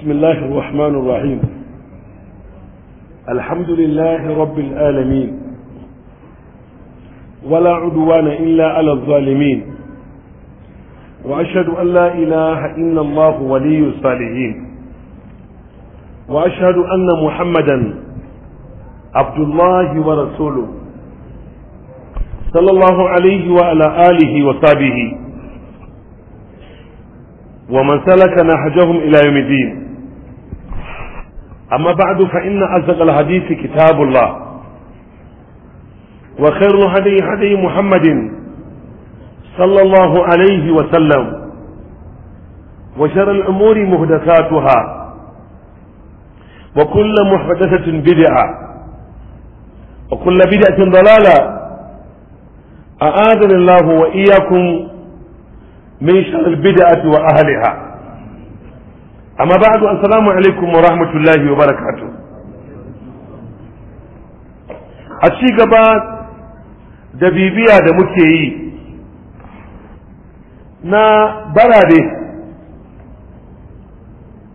بسم الله الرحمن الرحيم الحمد لله رب العالمين ولا عدوان إلا على الظالمين وأشهد أن لا إله إلا الله ولي الصالحين وأشهد أن محمدا عبد الله ورسوله صلى الله عليه وعلى آله وصحبه ومن سلك نهجهم إلى يوم الدين أما بعد فإن أصدق الحديث كتاب الله وخير هدي هدي محمد صلى الله عليه وسلم وشر الأمور محدثاتها وكل محدثة بدعة وكل بدعة ضلالة أعاذني الله وإياكم من شر البدعة وأهلها amma ba a assalamu alaikum wa rahmatullahi wa barakatu a ci gaba da bibiya da muke yi na barabe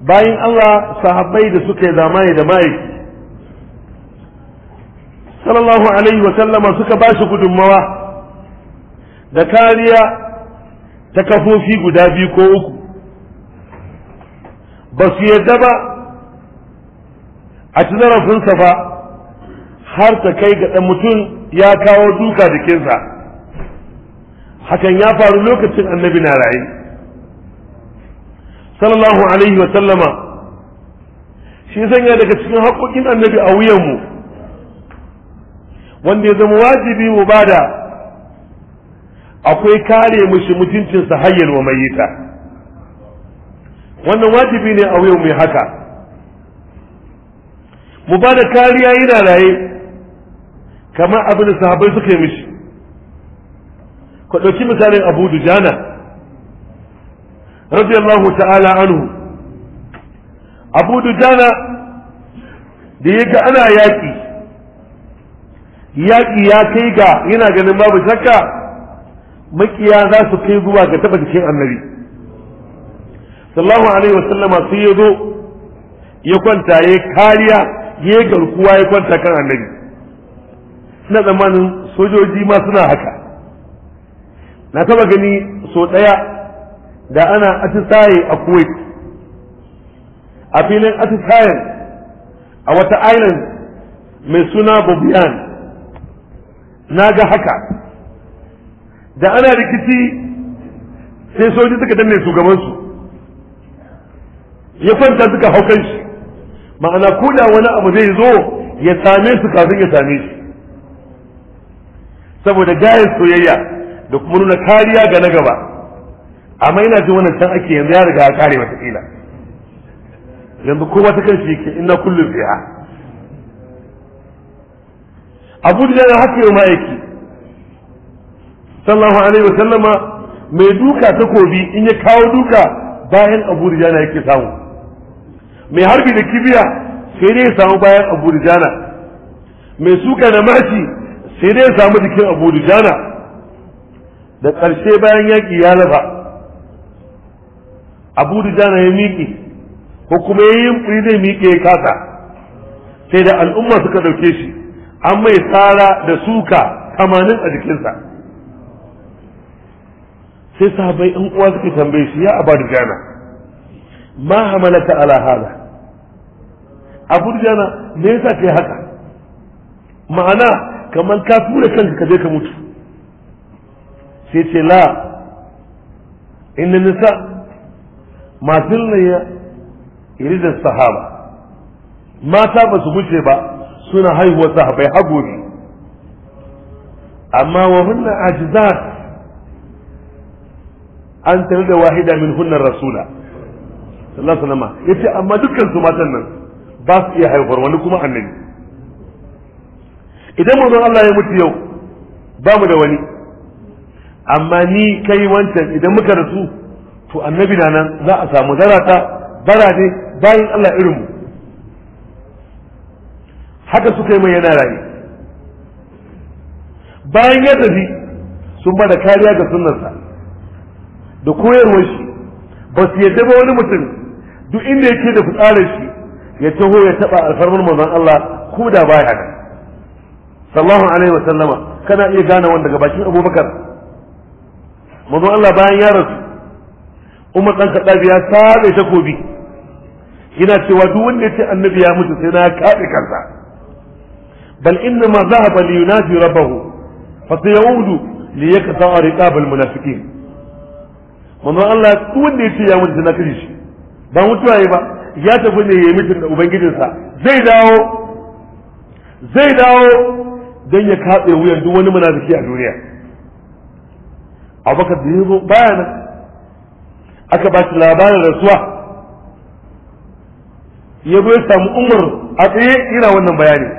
bayan Allah sahabai da suka yi zamani da ma'aiki sallallahu alaihi wa sallama suka ba shi gudunmawa da kariya ta kafofi guda biyu ko uku ba su yadda ba a ci zarafinsa ba har ta kai ga ɗan mutum ya kawo duka jikinsa hakan ya faru lokacin annabi na raye sallallahu alaihi wa sallama shi sanya daga cikin haƙoƙin annabi a wuyanmu wanda ya zama wajibi mu bada akwai kare mushi mutuncinsa hayyar wa mayita wannan wajibi ne a wuyan mai haka mu ba da kariya yana raye kamar abin da sahabai suka yi mishi ku ɗauki misalin abu dujana radiyallahu ta'ala anhu abu dujana da ya ga ana yaƙi yaƙi ya kai ga yana ganin babu shakka makiya za su kai zuwa ga taɓa jikin annabi sallallahu alaihi wasallama sai ya zo ya kwanta ya kariya ya garkuwa ya kwanta kan annabi suna tsammanin sojoji ma suna haka na taba gani so ɗaya da ana atisaye a kuwait a filin atisayen a wata island mai suna bobiyan na ga haka da ana rikici sai soji suka danne shugabansu ya kwanta suka hau kan shi ma'ana kuda wani abu zai zo ya same su kafin ya same shi saboda gayar soyayya da kuma nuna kariya ga na gaba amma ina jin wannan can ake yanzu ya riga ya kare kila yanzu kowa ta kan shi ke ina kullum ha abu da yana haka yau ma'aiki sallallahu alaihi wa sallama mai duka takobi in ya kawo duka bayan abu da yake samu mai harbi da kibiya sai dai samu bayan abu jana, mai suka da mashi sai dai samu jikin abu jana. da ƙarshe bayan yaƙi ya lafa abu jana ya miƙe ko kuma ya yi zai miƙe ya kasa sai da al'umma suka ɗauke shi an mai tsara da suka tamanin a jikinsa sai sahabai in uwa suke tambaye shi ya abadu jana ma hamalata ala hada abuja na me yasa kai haka ma'ana kamar ka tura kanka ka je ka mutu sai ce la inna nisa masu laya iridar sahaba mata ba su wuce ba suna haihuwa sahabai hagu ne amma wa hunna ajizat an tare da wahida min hunnar rasula sallallahu alaihi wasallam yace amma dukkan su matan nan ba su iya haifar wani kuma annabi idan manzon Allah ya mutu yau ba mu da wani amma ni kai wancan idan muka rasu to annabi na nan za a samu zarata ne bayan Allah irin mu haka suka yi mai yana rayu bayan ya tafi sun bada kariya ga sunnarsa da koyarwar shi ba su yadda ba wani mutum duk inda yake da fitsarar shi ya taho ya taba alfarmar manzon Allah ko da baya haka sallallahu alaihi wasallama kana iya gane wanda daga bakin Abubakar manzon Allah bayan ya rasu Umar dan Khattab ya sabe takobi yana cewa duk wanda ya ce annabi ya mutu sai na kaɗe kansa bal inna ma zahaba li yunadi rabbahu fa sayaudu li yakta'a riqab munafiqin manzon Allah duk wanda ya ce ya mutu na shi ba mutuwa ba ya tafi ne ya yi mutum da ubangijinsa zai dawo zai dawo don ya katse wuyan duk wani munafiki a duniya abubakar da yi baya nan aka ba shi labarin rasuwa ya zo samu umar a tsaye yana wannan bayani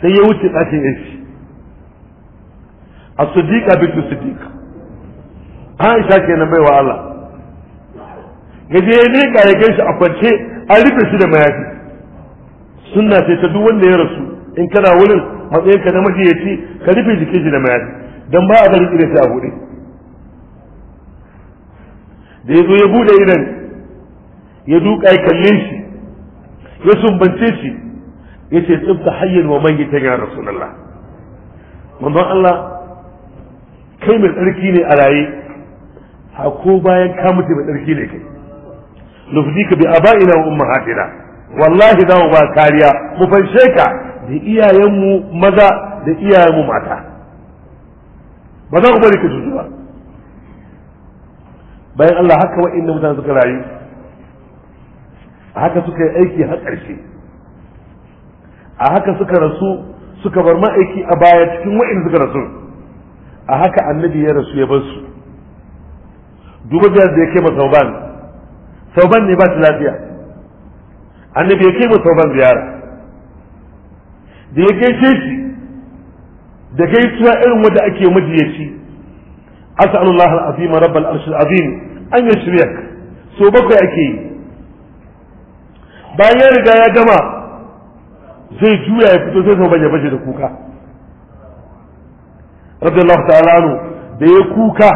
sai ya wuce ɗakin yanci a siddiqa bintu siddiq aisha kenan baiwa Allah gaje ya leƙa ya shi a kwance an rufe shi da mayafi sunna sai ta duk wanda ya rasu in kana wurin matsayin ka na majiyaci ka rufe jikin shi da mayafi dan ba a bari idan a buɗe da ya zo ya buɗe idan ya duka ya kalle shi ya sumbance shi ya ce tsibta hayyan wa mayyitan ya rasulullah manzon Allah kai mai tsarki ne a raye hako bayan ka mutu mai tsarki ne kai nufdika bi aba'ina wa ummahatina wallahi za mu ba kariya mu fanshe ka da iyayenmu maza da iyayenmu mata ba za ku bari ka cutu ba bayan Allah haka wa'inda mutane suka rayu a haka suka yi aiki har ƙarshe a haka suka rasu suka bar ma'aiki a baya cikin wa'inda suka rasu a haka annabi ya rasu ya bar su duba biyar da ya kai masauban sauban ne ba shi lafiya annabi ya kai mu sauban ziyara da ya gaishe shi da gaisuwa irin wanda ake majiyaci as'alullahu al-azim rabbal arshil al'azim an yashriyak so bakwai ake yi bayan ya riga ya gama zai juya ya fito sai sauban ya bace da kuka radiyallahu ta'ala anhu da ya kuka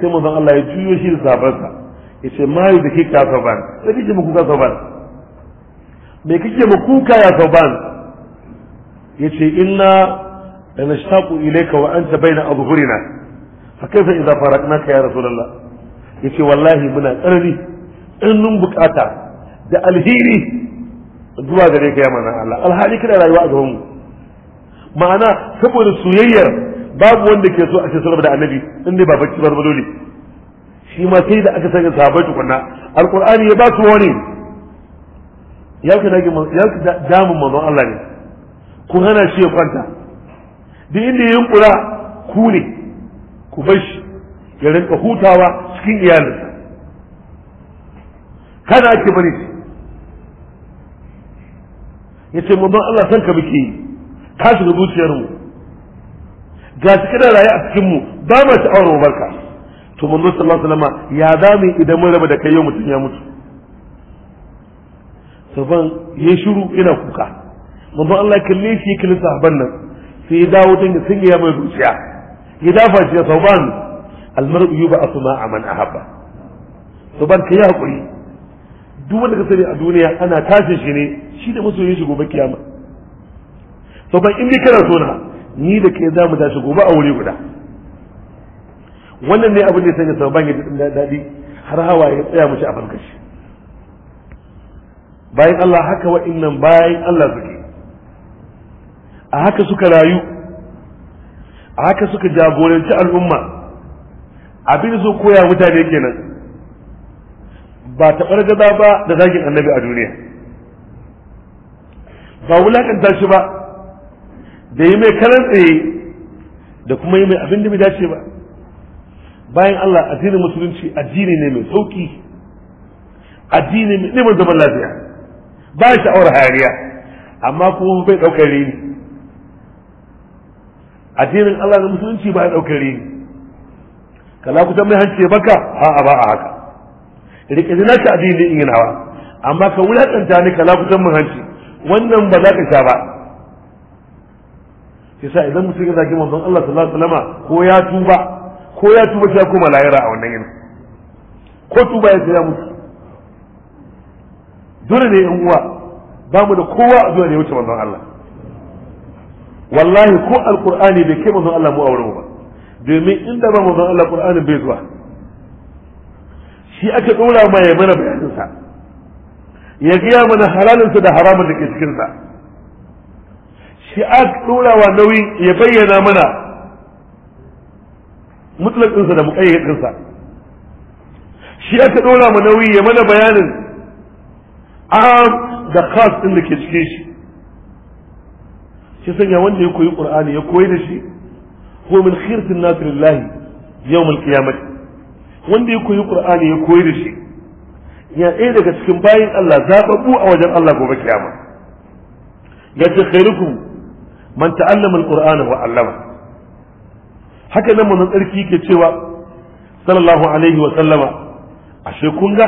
sai manzon Allah ya juyo shi da sabarsa yace mai da ke ka kika sauban sai kike mu kuka sauban me kike mu kuka ya sauban yace inna lanashtaqu ilayka wa anta baina adhhurina fa kaifa idza faraqnaka ya rasulullah yace wallahi muna tsarari in bukata da alheri zuwa gare ka ya manzon Allah alhali kana rayuwa a gaban mu ma'ana saboda soyayyar babu wanda ke so a ce saboda annabi in dai ba bacci ba dole shi ma sai da aka sanya sahabbai tukunna alkur'ani ya ba su wani ya ka dage ya damun manzon Allah ne ku hana shi ya kwanta da inda ya yunkura ku ne ku bar shi ya rinka hutawa cikin iyalinsa kada ake bari shi ya ce manzon Allah san ka muke yi ka shiga zuciyarmu ga cikin kana raye a cikinmu ba ma sha'awar mu barka to manzo sallallahu alaihi wasallam ya mu idan mun raba da kai yau mutum ya mutu saban ya shiru yana kuka manzo Allah ya kalle shi kalle sahaban nan sai ya dawo tun sun ya mai zuciya ya dafa shi ya sauban almar'u yub'athu a man ahabba Saban kai ya hakuri duk wanda ka sani a duniya ana tashin shi ne shi da masoyin shi gobe kiyama saban in ni kana so na ni da kai za mu tashi gobe a wuri guda wannan ne abin da ya sanya sababan ya ji daɗi har hawa ya tsaya mushi a farkar shi bayan Allah haka innan bayan Allah suke a haka suka rayu a haka suka jagoranci al'umma abin da su koya mutane kenan ba taɓar gaza ba da zagin annabi a duniya ba wulakanta shi ba da yi mai karan tsaye da kuma yi mai abin da bai dace ba bayan Allah addinin musulunci addini ne mai sauki addini mai neman zaman lafiya ba sha'awar hayaniya amma kuma bai ɗaukar reni addinin Allah na musulunci ba ya ɗaukar reni kala kusan mai hance baka a'a ba a haka rike zina ta addini in nawa amma ka wulatanta ni kala kusan mai hanci wannan ba za ka sha ba yasa idan musulunci ya zagi manzon Allah sallallahu alaihi wasallama ko ya tuba ko ya tuba shi ya koma lahira a wannan yinin ko tuba ya ya mutu dole ne yan uwa ba mu da kowa a zuwa ne wuce manzon Allah wallahi ko alqur'ani bai kai manzon Allah mu aure ba domin inda ba manzon Allah qur'ani bai zuwa shi aka dora mai ya mana bayanin sa ya gaya mana halalinsa da haramun da ke sa shi aka dora wa nauyin ya bayyana mana mutlaq ɗinsa da muƙayyad ɗinsa shi aka ɗora mu nauyi ya mana bayanin am da khas ɗin da ke cikin shi shi sanya wanda ya koyi ƙur'ani ya koyi da shi ko min khirtin nasirillahi yawmal qiyamah wanda ya koyi ƙur'ani ya koyi da shi ya ɗaya daga cikin bayan Allah zaɓaɓɓu a wajen Allah gobe kiyama ya ce khairukum man ta'allama alqur'ana wa 'allama haka nan manzon tsarki ke cewa sallallahu alaihi wa sallama ashe kun ga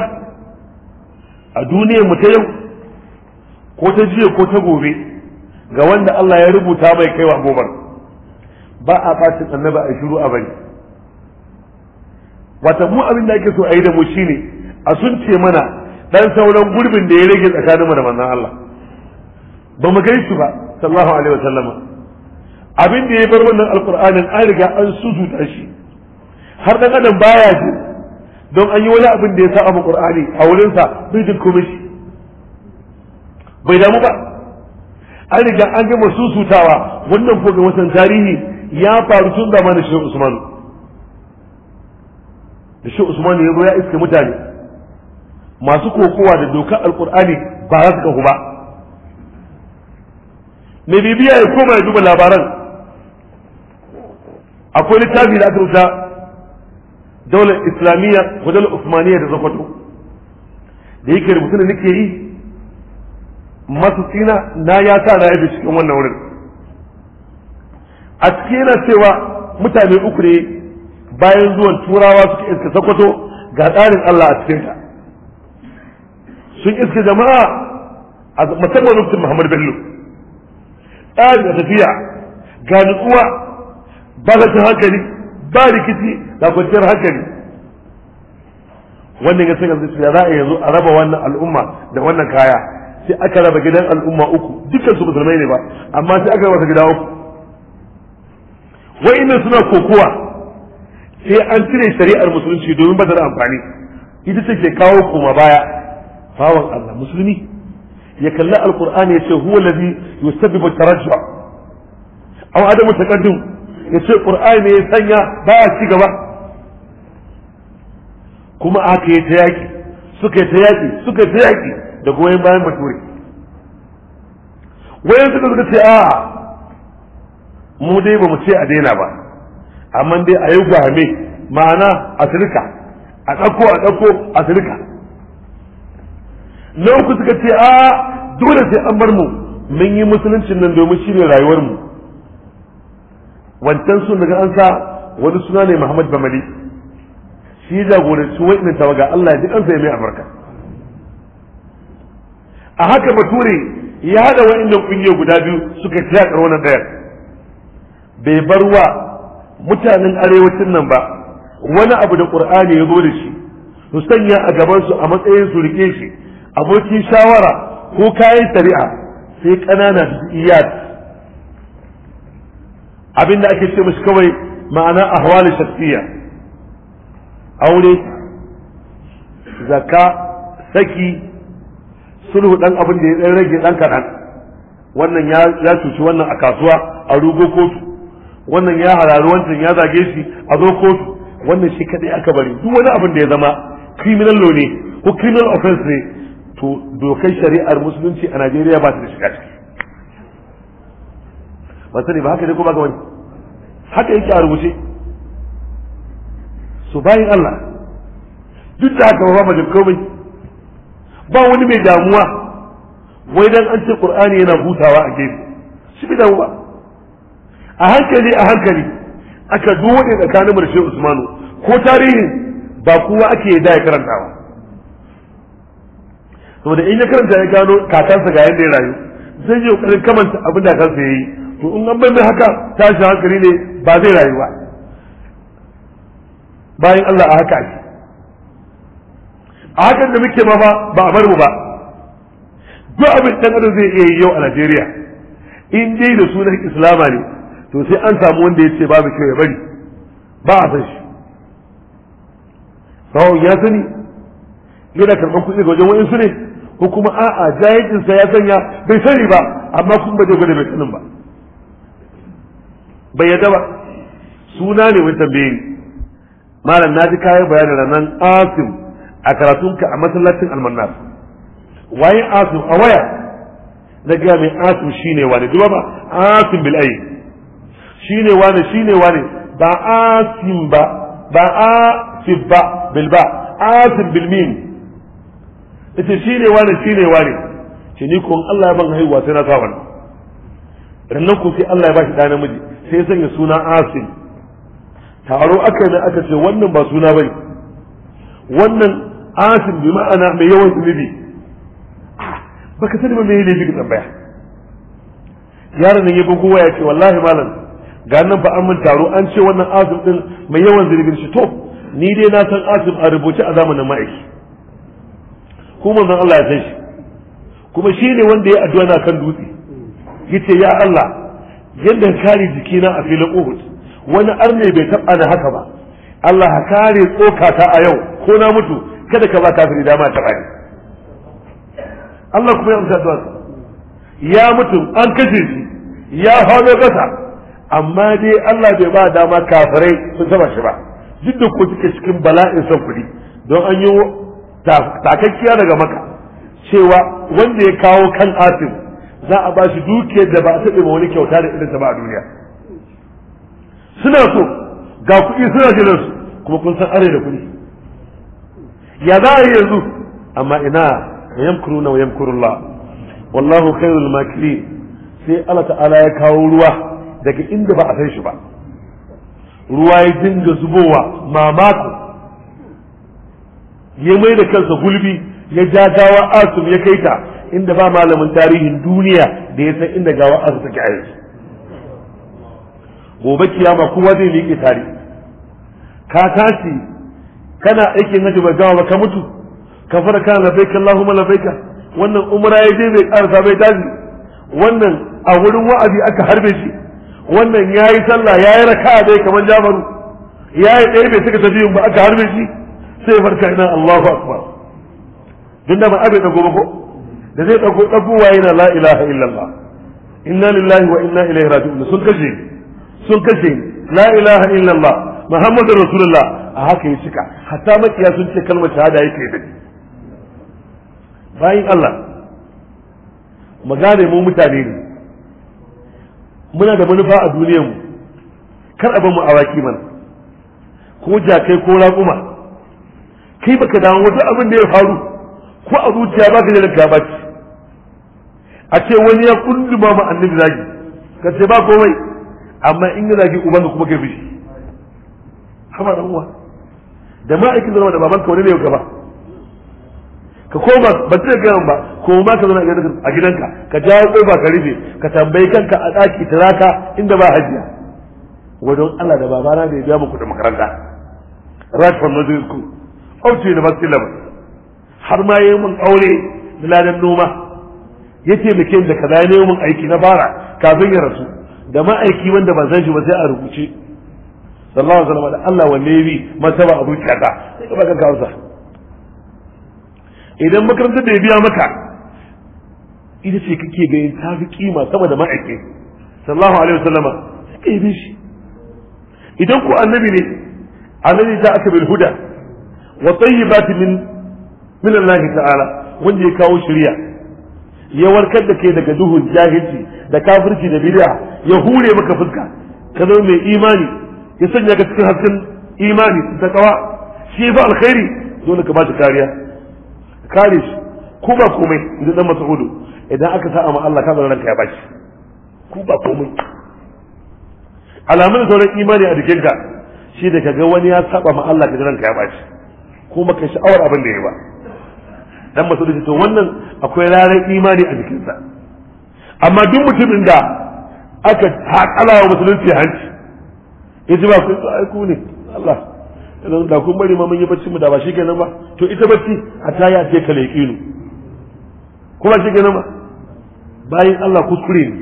a duniyar mu ta yau ko ta jiya ko ta gobe ga wanda Allah ya rubuta mai kaiwa gobar ba a ɓacin annaba a shiru a bari wata mu abin da ake so a yi da mu shine a sun ce mana dan sauran gurbin da ya rage tsakanin mu da manzon Allah ba mu gaisu ba sallallahu alaihi wa sallama abin da ya bar wannan alkur'anin an riga an suzuta shi har da kadan baya ji don an yi wani abin da ya sa abu qur'ani a wurin sa bai kuma shi bai damu ba an riga an gama susutawa wannan ko ga watan tarihi ya faru tun mana shi Usman da shi Usman ya zo ya iske mutane masu kokowa da dokar alkur'ani ba za su kahu ba mai bibiya ya koma ya duba labaran akwai littafi da aka rubuta daular islamiyya ko daular usmaniyya da zakwato da yake rubutu da nake yi masu tsina na ya sa na yabe cikin wannan wurin a cikin yana cewa mutane uku ne bayan zuwan turawa suka iska zakwato ga tsarin Allah a cikinta sun iska jama'a a musamman lokacin Muhammadu Bello tsarin tafiya ga nutsuwa ba rashin hankali ba rikici da kwanciyar hankali wannan ya sanya zuciya za a yanzu a raba wannan al'umma da wannan kaya sai aka raba gidan al'umma uku dukkan su musulmai ne ba amma sai aka raba gida uku wa'innan suna kokowa sai an cire shari'ar musulunci domin ba ta da amfani ita ce ke kawo koma baya bawan Allah musulmi ya kalli alkur'ani ya ce huwa allazi yusabbibu tarajju aw adamu takardun ya ce ƙur'ani ne ya sanya ba ci gaba kuma aka yi ta yaƙi suka yi ta yaƙi suka yi ta yaƙi da goyon bayan bature wayan suka suka ce a mu dai ba mu ce a daina ba amma dai a yi gwame ma'ana a sirka a ɗauko a ɗauko a sirka na uku suka ce a dole sai an bar mu mun yi musuluncin nan domin shi ne mu. wancan sun daga an sa wani suna ne Muhammad Bamali shi jagoranci wa'in tawaga Allah ya ji kansa ya mai albarka a haka bature ya hada wa'annan kungiyo guda biyu suka tsaya a wannan dayar bai bar wa mutanen arewacin nan ba wani abu da qur'ani ya zo da shi su sanya a gaban su a matsayin su rike shi abokin shawara ko kayan shari'a sai ƙanana su iya Abin da ake ce musu kawai ma'ana ahwali shakhsiyya aure zakka saki sulhu dan abin da ya rage dan kadan wannan ya cuci wannan a kasuwa a rugo kotu wannan ya hararu wancan ya zage shi a zo kotu wannan shi kadai aka bari duk wani abin da ya zama criminal law ne ko criminal offense ne to dokar shari'ar musulunci a Najeriya ba ta da shiga ciki ba sani ba haka ne ko ba ga wani haka yake a rubuce su bayin Allah duk da haka ba ba komai ba wani mai damuwa wai dan an ce qur'ani yana hutawa a gefe shi bai damu ba a hankali a hankali aka duwade tsakanin murshe Usmanu ko tarihin ba kowa ake da ya karantawa saboda in ya karanta ya gano kakansa ga yadda ya rayu zai yi kokarin kamanta abin da kansa yi. to in an bai mai haka tashi hankali ne ba zai rayu ba bayan Allah a haka ake a hakan da muke ma ba a bar mu ba duk abin da adam zai iya yi yau a Najeriya in dai da sunan Islama ne to sai an samu wanda ya ce babu kyau ya bari ba a san shi ya sani yana karɓar kuɗi ga wajen wa'insu ne ko kuma a'a jahilcinsa ya sanya bai sani ba amma kun ba je gwada bai sanin ba bai yadda ba suna ne wani tambaye malam na ji kayan bayanin ranar asim a karatunka a masallacin almanar waye asim a waya na gaya mai asim shine wane duba ba asim bil ayi shine wani shine wane ba asim ba ba asim ba bil ba asim bil mim ita shine wani shine wane shi ni ko Allah ya ban haihuwa sai na sa wannan rannan ku sai Allah ya bashi da namiji sai ya sanya suna asim taro aka ne aka ce wannan ba suna bane wannan asim bi ma'ana mai yawan zunubi baka sani ba me ne bi tambaya yaron nan ya bi kowa ya ce wallahi malam ga nan ba an mun taro an ce wannan asim din mai yawan zunubin shi to ni dai na san asim a rubuce a zamanin ma'aiki kuma zan Allah ya san shi kuma shi ne wanda ya addu'a na kan dutse yace ya Allah yadda ya kare jikina a filin uhud wani arne bai taba da haka ba Allah ka kare tsokata a yau ko na mutu kada ka ba kafiri dama ta bayan Allah kuma ya amsa ya mutu an kashe shi ya hawo gasa amma dai Allah bai ba dama kafirai sun taba shi ba duk da ko suke cikin bala'in son kuɗi don an yi takakkiya daga maka cewa wanda ya kawo kan asibiti za a bashi dukiyar da ba a taɓa wani kyauta da irin ta ba a duniya suna so ga kuɗi suna jiran su kuma kun san are da kuɗi ya za a yi yanzu amma ina yamkuruna wa yamkurullah wallahu khairul makilin sai Allah ta'ala ya kawo ruwa daga inda ba a san shi ba ruwa ya dinga zubowa mamako ya mai da kansa gulbi ya ja dawa asum ya kai ta inda ba malamin tarihin duniya da ya san inda gawa aka take a yanzu gobe kiyama kowa zai liƙe tarihi ka tashi kana aikin hajji ba gawa ba ka mutu ka fara kana labaika Allahumma labaika wannan umra ya je bai karasa bai tashi wannan a wurin wa'azi aka harbe shi wannan yayi sallah yayi raka'a dai kamar jabaru yayi ɗaya bai saka tafiyin ba aka harbe shi sai farka ina Allahu akbar duk da ba abin da gobe ko da zai ɗago ɗagowa yana la ilaha illallah inna lillahi wa inna ilaihi raji'un sun kashe sun kashe la ilaha illallah muhammadur rasulullah a haka ya cika hatta makiya sun ce kalmar shahada yake da bayin Allah magane mu mutane ne muna da manufa a duniyar mu kar a mu awaki mana ko jakai ko raƙuma kai baka dawo wata abin da ya faru ko a zuciya baka da gabaci a ce wani ya kundu ma ma'annin zagi ka ce ba komai amma in ya zagi ubanka kuma ke fushi haba da uwa da ma'aikin zama da babanka wani ne yau gaba ka koma ba ta gaya ba koma ka zana a gidanka ka jawo kofa ka rufe ka tambayi kanka a ɗaki talaka inda ba hajiya wajen Allah da babana da ya biya mu kuɗin makaranta right from nursery school up to university level har ma yi mun aure da ladan noma ya taimake da kaza ya nemo aiki na bara kafin ya rasu da ma'aiki wanda ba zai shi ba sai a rubuce sallallahu alaihi wasallam Allah wanne yabi masaba abu kaza sai ka baka kausa idan makarantar da ya biya maka ita ce kake ga ta fi kima sama da ma'aiki sallallahu alaihi wasallam sai ka shi idan ku annabi ne annabi ta aka bil huda wa tayyibatin min min Allah ta'ala wanda ya kawo shari'a ya warkar da ke daga duhun jahilci da kafirci da bid'a ya hure maka fuska ka zama mai imani ya sanya ka cikin hasken imani ta kawa shi fa alkhairi dole ka bashi kariya kare shi ko ba komai idan dan hudu idan aka sa amma Allah ka zama ranka ya bashi ko ba komai alamun sauran imani a jikinka shi da ga wani ya saba ma Allah ka ranka ya bashi kuma ka sha'awar abin da ya ba dan masu to wannan akwai rarar imani a jikinsa amma duk mutumin da aka haƙala wa musulunci hanci ya ji ba ku ai ku ne Allah yanzu da kun bari ma mun yi bacci mu da ba shi kenan ba to ita bacci a ta ya ce kale kinu kuma shi kenan ba bayan Allah kuskure ne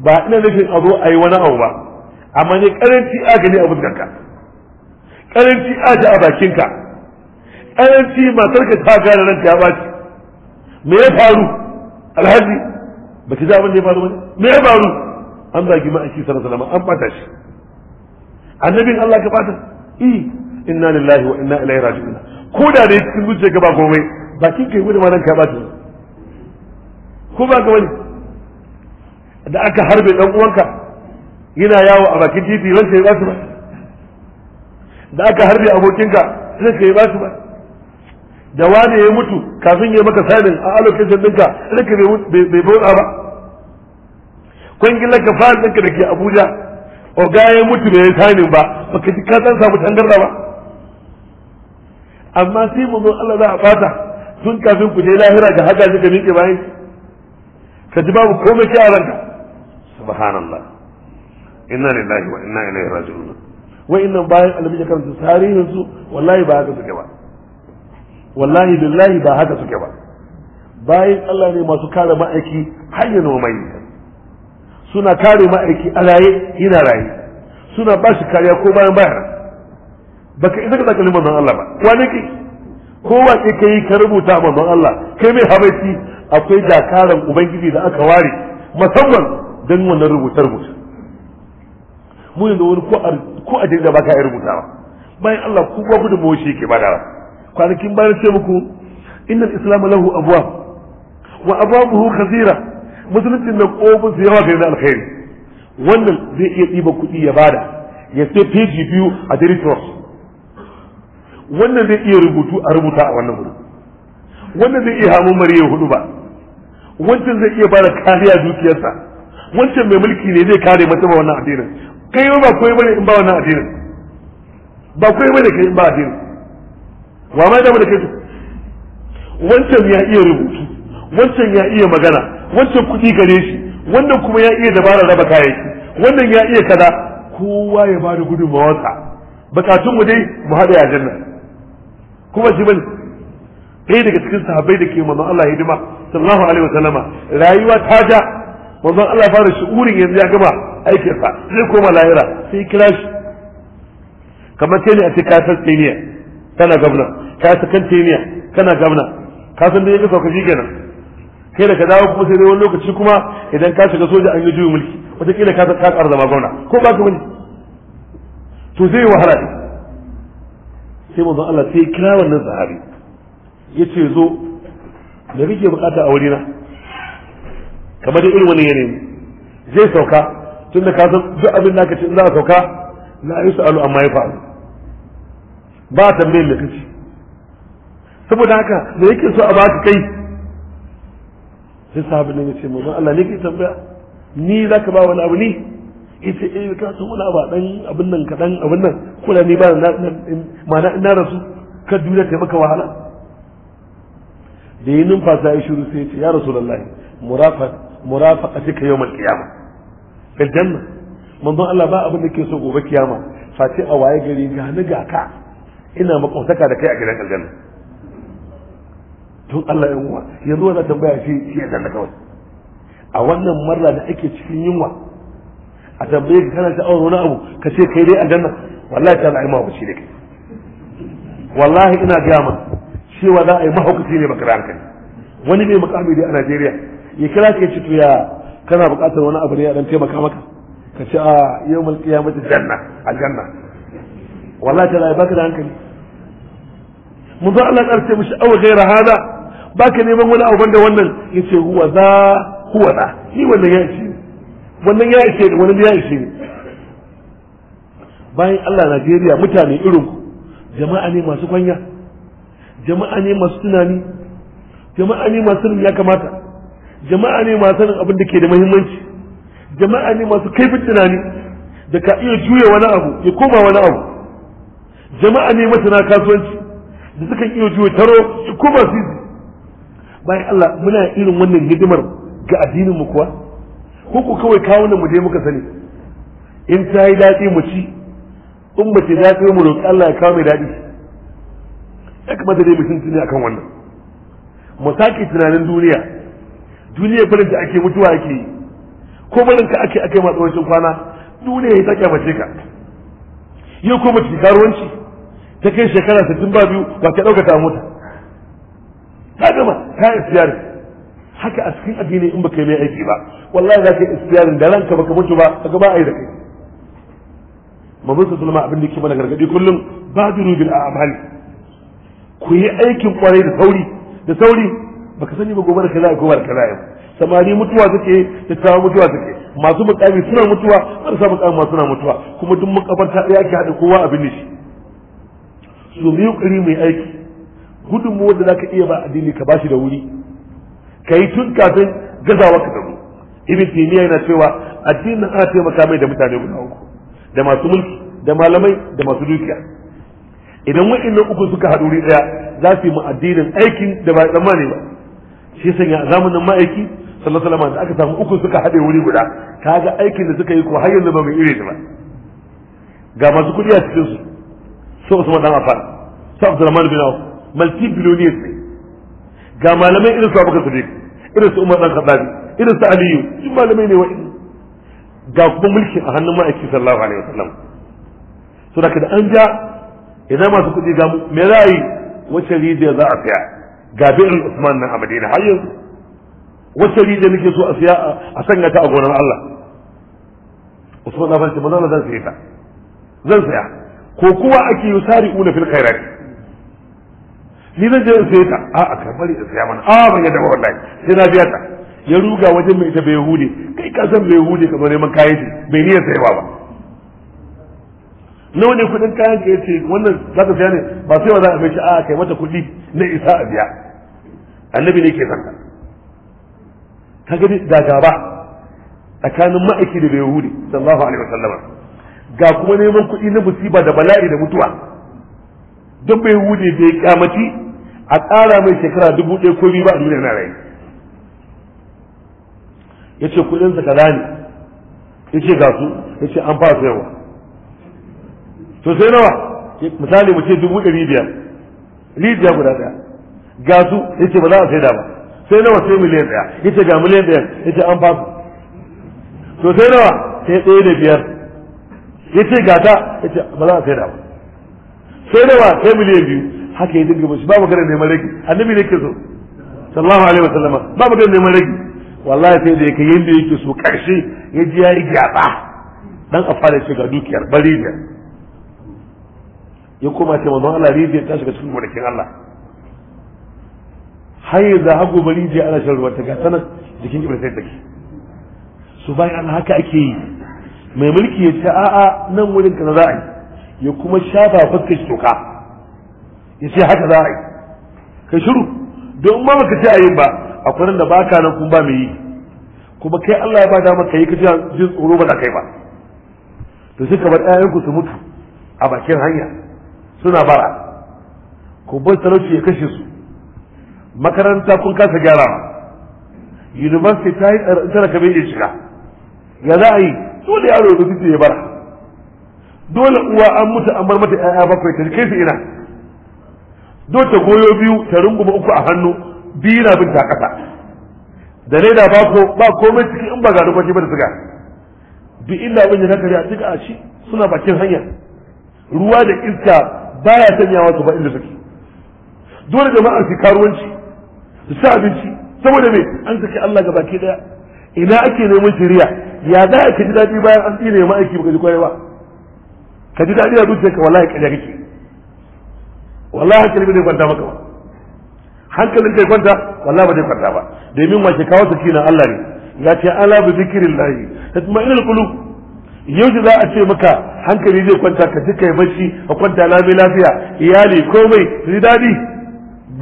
ba ina nufin a zo a yi wani abu ba amma ne karanci aka ne a fuskarka karanci aka a bakinka karanci matar ka ta gane nan ya baci me ya faru alhaji ba ki ji ne ya faru me ya faru an zagi ma aiki sana wasallam an bata shi annabin Allah ka bata eh inna lillahi wa inna ilaihi raji'un ko da dai cikin zuciya ka ba komai bakin kai gudu ma nan ka bata ko ba ka wani da aka harbe dan uwanka yana yawo a bakin titi ran sai ba su ba da aka harbe abokinka sai sai ba su ba da wane ya mutu kafin ya maka sanin a allocation ɗinka ɗinka bai bauta ba gina ka fara ɗinka da ke abuja oga ya mutu bai yi sanin ba baka ji ka san samu tangarda ba amma sai mu zo Allah za a fata tun kafin ku je lahira ga haka shi ka miƙe bayan ka ji babu komai ke a ranka subhanallah inna lillahi wa inna ilaihi raji'un wa'annan bayan albi da karanta tarihin su wallahi ba haka suke ba wallahi billahi ba haka suke ba bayan Allah ne masu kare ma'aiki hayyan wa mai suna kare ma'aiki a raye yana raye suna ba shi kariya ko bayan bayan baka isa ka zaka liman Allah ba wani ki ko ba ke kai ka rubuta manzon Allah kai mai habaiti akwai dakaran ubangiji da aka ware musamman dan wannan rubutar rubuta mu yanzu wani ko a ko a dinga baka yi rubutawa bayan Allah kowa gudunmawa shi da bada kwanakin bayan ce muku innal islamu lahu abwab wa abwabuhu kathira musulunci na kofin su yawa gari na alkhairi wannan zai iya ɗiba kuɗi ya bada ya sai peji biyu a daily to, wannan zai iya rubutu a rubuta a wannan wuri wannan zai iya hamu mariya hudu ba wancan zai iya bada kariya dukiyarsa wancan mai mulki ne zai kare mata ba wannan addinin kai ba koyi bane in ba wannan addinin ba koyi bane kai in ba addinin wa ma da mulke wancan ya iya rubutu wancan ya iya magana wancan kuɗi gare shi wannan kuma ya iya dabarar raba kayayyaki wannan ya iya kaza kowa ya bada gudunmawarsa bukatun mu dai mu haɗa ya janna kuma shi bane ɗaya daga cikin sahabbai da ke manzon Allah hidima sallallahu alaihi wasallama rayuwa ta ja manzon Allah fara shi'urin yanzu ya gama sa zai koma lahira sai kira shi kamar sai ne a cikin kasar tsiniya kana gwamna ka yi sakan teniya kana gwamna ka san da ya kasa kashi kenan kai da ka dawo kuma sai dai wani lokaci kuma idan ka shiga soja an yi juyin mulki wataƙila ka ka ƙara zama gwamna ko ba ka wani to zai wahala ne sai manzon Allah sai kira wannan zahari ya ce zo da rike bukata a wurina kamar dai irin wani yanayi zai sauka tun da ka san duk abin da ka ce za a sauka yi su alu amma ya fa'alu ba tambayar da kaci, saboda haka da yake so a baka kai sai sahabi ne ya ce mun Allah ne ke tambaya ni zaka ba wani abu ni yace eh ka so wani abu dan abin nan kadan abin nan kula ni ba na ma'ana ina rasu ka duniya ta maka wahala da yi numfasa ya shiru sai ya ce ya rasulullahi a murafaqatika yawmal qiyamah fil janna manzon Allah ba abin da ke so gobe kiyama face a waye gari ga ni ga ka ina makwabtaka da kai a gidan aljanna tun Allah ya uwa yanzu wannan tambaya shi shi aljanna kawai a wannan marra da ake cikin yunwa a tambaye ka kana sha'awar wani abu ka ce kai dai aljanna wallahi ta la'ima ba shi da kai wallahi ina gaya ma cewa za a yi mahaukaci ne baka da hankali wani mai makami dai a Najeriya ya kira ka ce to ya kana buƙatar wani abu ne a dan taimaka maka ka ce a yau mulki ya mutu janna aljanna wallahi ta baka da hankali mun zo Allah ƙarfe mishi awa gaira hada baka neman wani abu banda wannan yace huwa za huwa da ni wannan ya ishe wannan ya ishe ni wannan ya ishe ni bayan Allah Najeriya mutane irin ku jama'a ne masu kwanya jama'a ne masu tunani jama'a ne masu sanin ya kamata jama'a ne masu sanin abin da ke da muhimmanci jama'a ne masu kaifin tunani da ka iya juya wani abu ya koma wani abu jama'a ne masana kasuwanci da suka iya juya taro su kuma yi bayan Allah muna irin wannan hidimar ga addinin mu kuwa ko ku kawai kawo mu dai muka sani in ta yi daɗi mu ci in ba ta daɗi mu roƙi Allah ya kawo mai daɗi ya kamata dai mutum tuni akan wannan mu sake tunanin duniya duniya barin da ake mutuwa ake yi ko barin ka ake ake matsawancin kwana duniya ya ta mace ka yau ko mace karuwanci ta kai shekara sittin ba biyu ba ka ɗaukata mota ta gama ta siyari haka a cikin addini in baka yi mai aiki ba wallahi za ka yi siyari da ranka baka mutu ba a ba a yi da kai mabin su sulma abin da ke mana gargaɗi kullum ba rubin a a'amali ku yi aikin kwarai da sauri da sauri baka sani ba gobe da kaza gobe da kaza yau samari mutuwa take ta mutuwa take masu mukami suna mutuwa marasa mukami ma suna mutuwa kuma duk makabarta ɗaya ake haɗa kowa abin da shi su mu yi mai aiki gudunmuwar da zaka iya ba addini ka bashi da wuri ka yi tun kafin gazawa ka daru ibi taymiya yana cewa addinin ana taimaka mai da mutane guda uku da masu mulki da malamai da masu dukiya idan na uku suka haɗu wuri ɗaya za su yi mu addinin aikin da ba tsammani ba shi sanya zamanin ma'aiki sallallahu alaihi wasallam da aka samu uku suka haɗe wuri guda kaga aikin da suka yi ko har yanzu ba mai iri ba ga masu kuɗi a cikin su su Usman dan Affan su Abdurrahman bin Auf multi billionaires ne ga malamai irin su Abubakar Siddiq irin su Umar dan Khattabi irin su Aliyu duk malamai ne wa'in ga kuma mulki a hannun ma'aiki sallallahu alaihi wasallam so da an ja idan masu kuɗi ga me za yi wacce rijiya za a saya ga bi'in Usman nan a Madina har yanzu wacce rijiya nake so a saya a sanya ta a gonar Allah Usman na fanci maza zan siya ta zan saya ko kuwa ake una fil khairat ni zan je in sai ta a a ka bari in mana a ban yadda ba wallahi sai na biya ta ya ruga wajen mai ita bai hude kai ka san bai hude ka zo neman kayan shi bai niyyar sayawa ba nawa ne kudin kayan ka yace wannan za ka siya ne ba sai wa za a mai shi a kai mata kudi na isa a biya annabi ne ke san ka gani da gaba tsakanin ma'aiki da bai hude sallallahu alaihi wasallam ga kuma neman kuɗi na musiba da bala'i da mutuwa duk bai wuce ya kyamaci a ƙara mai shekara dubu ɗaya ko biyu ba a duniya na rai ya ce sa kaza ne ya ce ga su ya ce an fara sayarwa to sai nawa misali mu ce dubu ɗari biyar rijiya guda ɗaya ga su ya ce ba za a sai da ba sai nawa sai miliyan ɗaya ya ce ga miliyan ɗaya ya ce an fasa to sai nawa sai ɗaya da biyar ya ce gata ya ce ba za a kai da ba sai da ba sai miliyan biyu haka ya dinga mashi babu magana neman rage annabi ne ke so sallallahu alaihi wasallama babu magana neman rage wallahi sai da yake da yake so karshe ya ji ya yi gyaba dan a fara shiga dukiyar bari ne ya koma ce manzon Allah rijiyar ta shiga cikin wadakin Allah har ya za hago bari je ana shan ruwa ta gasa nan jikin ibrahim take su bayan Allah haka ake yi mai mulki ya ce a'a nan wurin ka za a yi ya kuma shafa fuskar shi toka ya ce haka za a yi ka shiru don ba ka ce a yi ba akwai nan da baka nan kun ba mai yi kuma kai Allah ya ba dama yi ka jin tsoro ba da kai ba to sai ka bar ƴaƴanku su mutu a bakin hanya suna bara ku bar talauci ya kashe su makaranta kun kasa gyara ba university ta yi tsara ka bai shiga ya za a yi da yaro ya ya bara dole uwa an mutu an bar mata ƴaƴa bakwai ta kai su ina dole ta goyo biyu ta runguma uku a hannu biyu na bin ta kasa da leda ba ko ba komai ciki in ba ga rubaci ba da siga bi illa bin yana kare a cika a shi suna bakin hanya ruwa da iska baya sanyawa su ba inda suke dole jama'a su karuwanci su sa abinci saboda me an saki Allah ga baki daya ina ake neman shari'a ya za a ka ji daɗi bayan an tsine ma aiki baka ji kwarai ba ka ji daɗi a ka wallahi ƙarya kake wallahi hankali bai kwanta maka ba hankalin kai kwanta wallahi ba zai kwanta ba domin wace kawo na Allah ne ya ce ala bi tuma ina kulu yau za a ce maka hankali zai kwanta ka ji kai bacci ka kwanta lami lafiya iyali komai su daɗi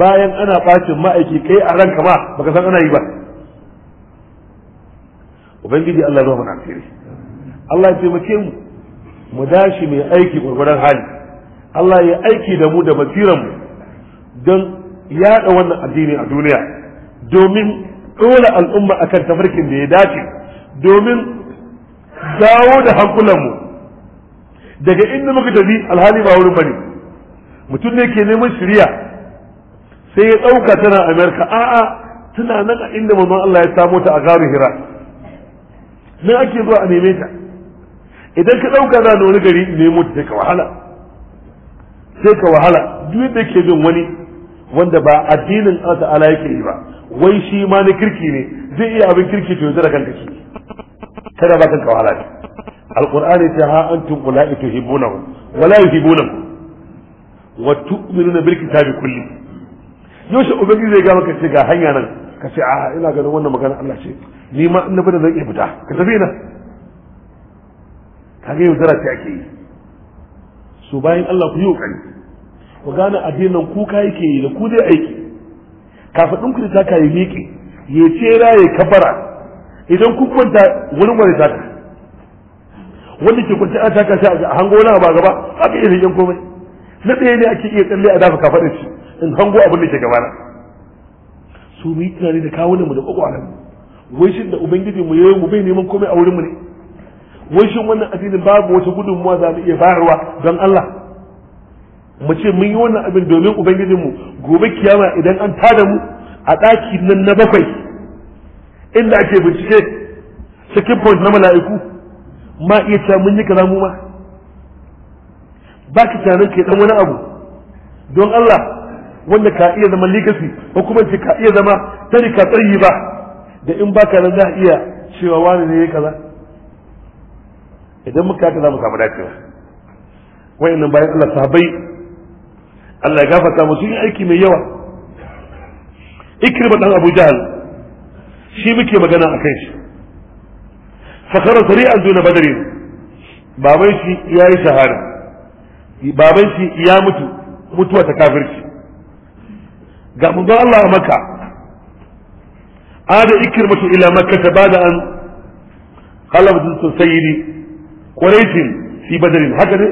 bayan ana ɓacin ma'aiki kai a ranka ma baka san ana yi ba ubangiji Allah ruwa mana asiri Allah ya taimake mu mu dashi mai aiki gurgurdan hali Allah ya aiki da mu da basiran mu don yada wannan addini a duniya domin dole al'umma akan tafarkin da ya dace domin dawo da hankulan mu daga inda muka tafi alhali ba wurin bane mutum ne ke neman shirya sai ya ɗauka tana amerika a'a tana nan a inda manzon Allah ya samo ta a garu hira na ake zuwa a neme ta idan ka ɗauka za wani gari nemo ta ka wahala sai ka wahala duk da ke bin wani wanda ba addinin Allah ta'ala yake yi ba wai shi ma na kirki ne zai iya abin kirki to yanzu da kanka shi kada ba kanka wahala ne alqur'ani ta ha antum ula'i tuhibbunahu wa la yuhibbunahu wa tu'minuna bil kitabi kulli yaushe ubangiji zai ga maka ce ga hanya nan ka ce a ina ganin wannan magana Allah ce ni ma in na bada zan iya fita ka tafi na ga yaudara ce ake yi Su bayan Allah ku yi ƙari. ku gane addinin ka yake yi da ku dai aiki kafadin ku da ta kayi miƙe ya ce ya kabara idan ku kwanta wurin wani taka wanda ke kwanta a taka shi a hango na ba gaba haka irin yan komai na ɗaya ne ake iya tsalle a dafa da shi in hango abin da ke gabana su mu yi tunani da kawo mu da kwakwaran mu wai shin da ubangiji mu yayi mu bai neman komai a wurin mu ne wai wannan addinin babu wata gudunmuwa za mu iya bayarwa don Allah mu ce mun yi wannan abin domin ubangijin mu gobe kiyama idan an tada mu a ɗaki nan na bakwai inda ake bincike cikin point na mala'iku ma iya ta mun yi kaza mu ma ba tunanin dan wani abu don Allah wanda ka iya zama legacy hukumanci ka iya zama ka tsayi ba da in baka ka za iya cewa wani ne ya kaza idan muka haka za mu samu dacewa nan bayan Allah saba'i? Allah ya gafarta musu yin aiki mai yawa ikrima dan Abu Jahl shi muke magana akan shi fakara sari'an duna badarin baban shi ya yi shahara baban shi ya mutu mutuwa ta kafirci ga manzo Allah a maka ada ikirmatu ila ta bada an khalabat sayyidi quraishin fi badr haka ne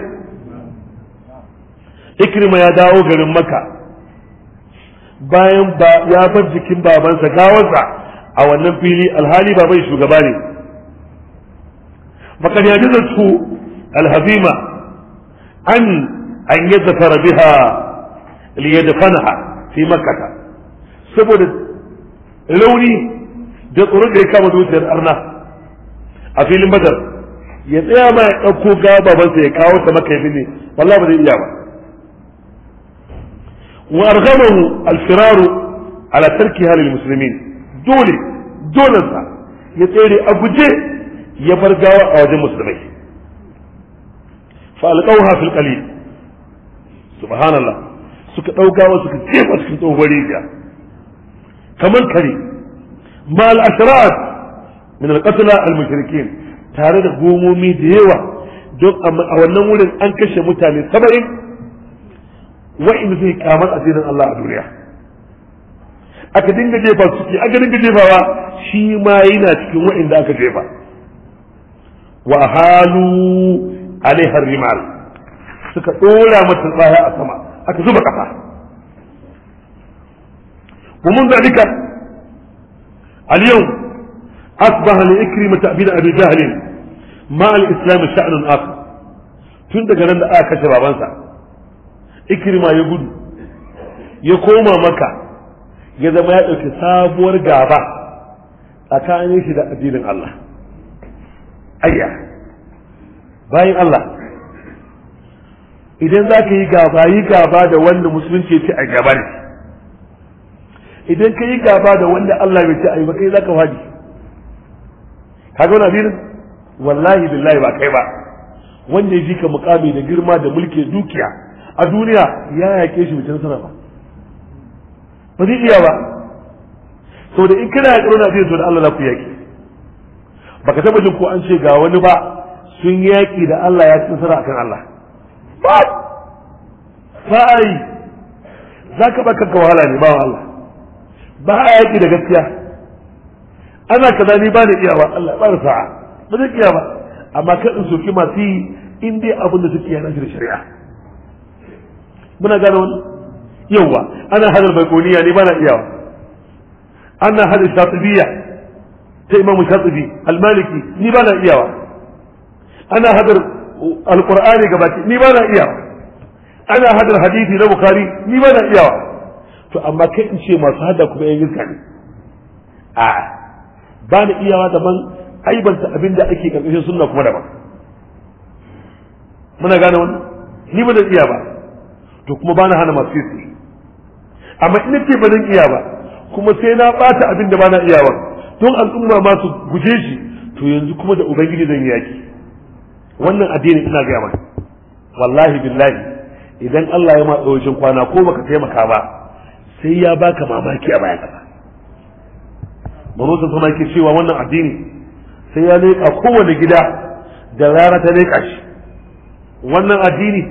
Ikirma ya dawo garin maka bayan ya bar jikin babansa gawarsa a wannan fili alhali babai shugaba ne fakad al alhazima an an yadda biha liyadfanha fi makata saboda rauni da tsoron da ya kama zuciyar arna a filin badar ya tsaya ma ya ɗauko babansa ya kawo ta maka ya ne wallahi ba zai iya ba wa arghamahu al-firaru ala tarki halil muslimin dole dole sa ya tsere a guje ya bar gawa a wajen musulmai fa alqawha fil qalil subhanallah suka ɗauka wa suka jefa cikin tsohuwar rijiya kamar kare ma'al al min al al mashirikin tare da gomomi da yawa don a wannan wurin an kashe mutane saba'in wa'in zai kamar addinin Allah a duniya aka dinga jefa suke aka dinga jefawa shi ma yana cikin wa'in da aka jefa wa halu alaihar rimal suka ɗora mata tsaya a sama aka zuba ƙasa ومن ذلك اليوم أصبح لإكرمة بن أبي جهل مع الإسلام شأن آخر tun daga nan da aka kashe babansa ikirma ya gudu ya koma maka ya zama ya ɗauki sabuwar gaba tsakanin shi da addinin Allah ayya bayan Allah idan za ka yi gaba yi gaba da wanda musulunci ya ce a gaba ne idan ka yi gaba da wanda Allah bai ce a yi ba kai za ka wadi ka ga wani abin wallahi billahi ba kai ba wanda ya ji ka mukami da girma da mulki dukiya a duniya ya yake shi mutum sana ba ba zai iya ba to da in kana yaƙi na fiye to da Allah za ku yaƙi baka taɓa jin ko an ce ga wani ba sun yaƙi da Allah ya ci nasara akan Allah bad ba a yi za ka baka ga wahala ne ba Allah ba a da gaskiya ana kaza ni ba da iyawa Allah ba da sa'a ba iya ba amma kan in soki masu yi in dai abin da suke yana da shari'a muna gane wani yawwa ana hadar baikoniya ne ba na iyawa ana hadar shatibiya ta imamu shatibi almaliki ni ba na iyawa ana hadar alqur'ani gabaki ni ba na iya ana hadar hadisi na bukhari ni ba na iya to amma kai in ce masu hada kuma yan iska ne a ba na iyawa daban aibanta abin da ake karkashin sunna kuma daban muna gane wannan ni ba zan iya ba to kuma ba na hana masu yi amma ina ce ba zan iya ba kuma sai na bata abin da ba na iya ba don al'umma ma su guje shi to yanzu kuma da ubangiji zan yaki wannan addini ina gaya maka wallahi billahi idan Allah ya ma tsawon kwana ko baka taimaka ba sai ya baka mamaki a bayan kasa manzon sama yake cewa wannan addini sai ya leƙa kowane gida da rana ta leƙa shi wannan addini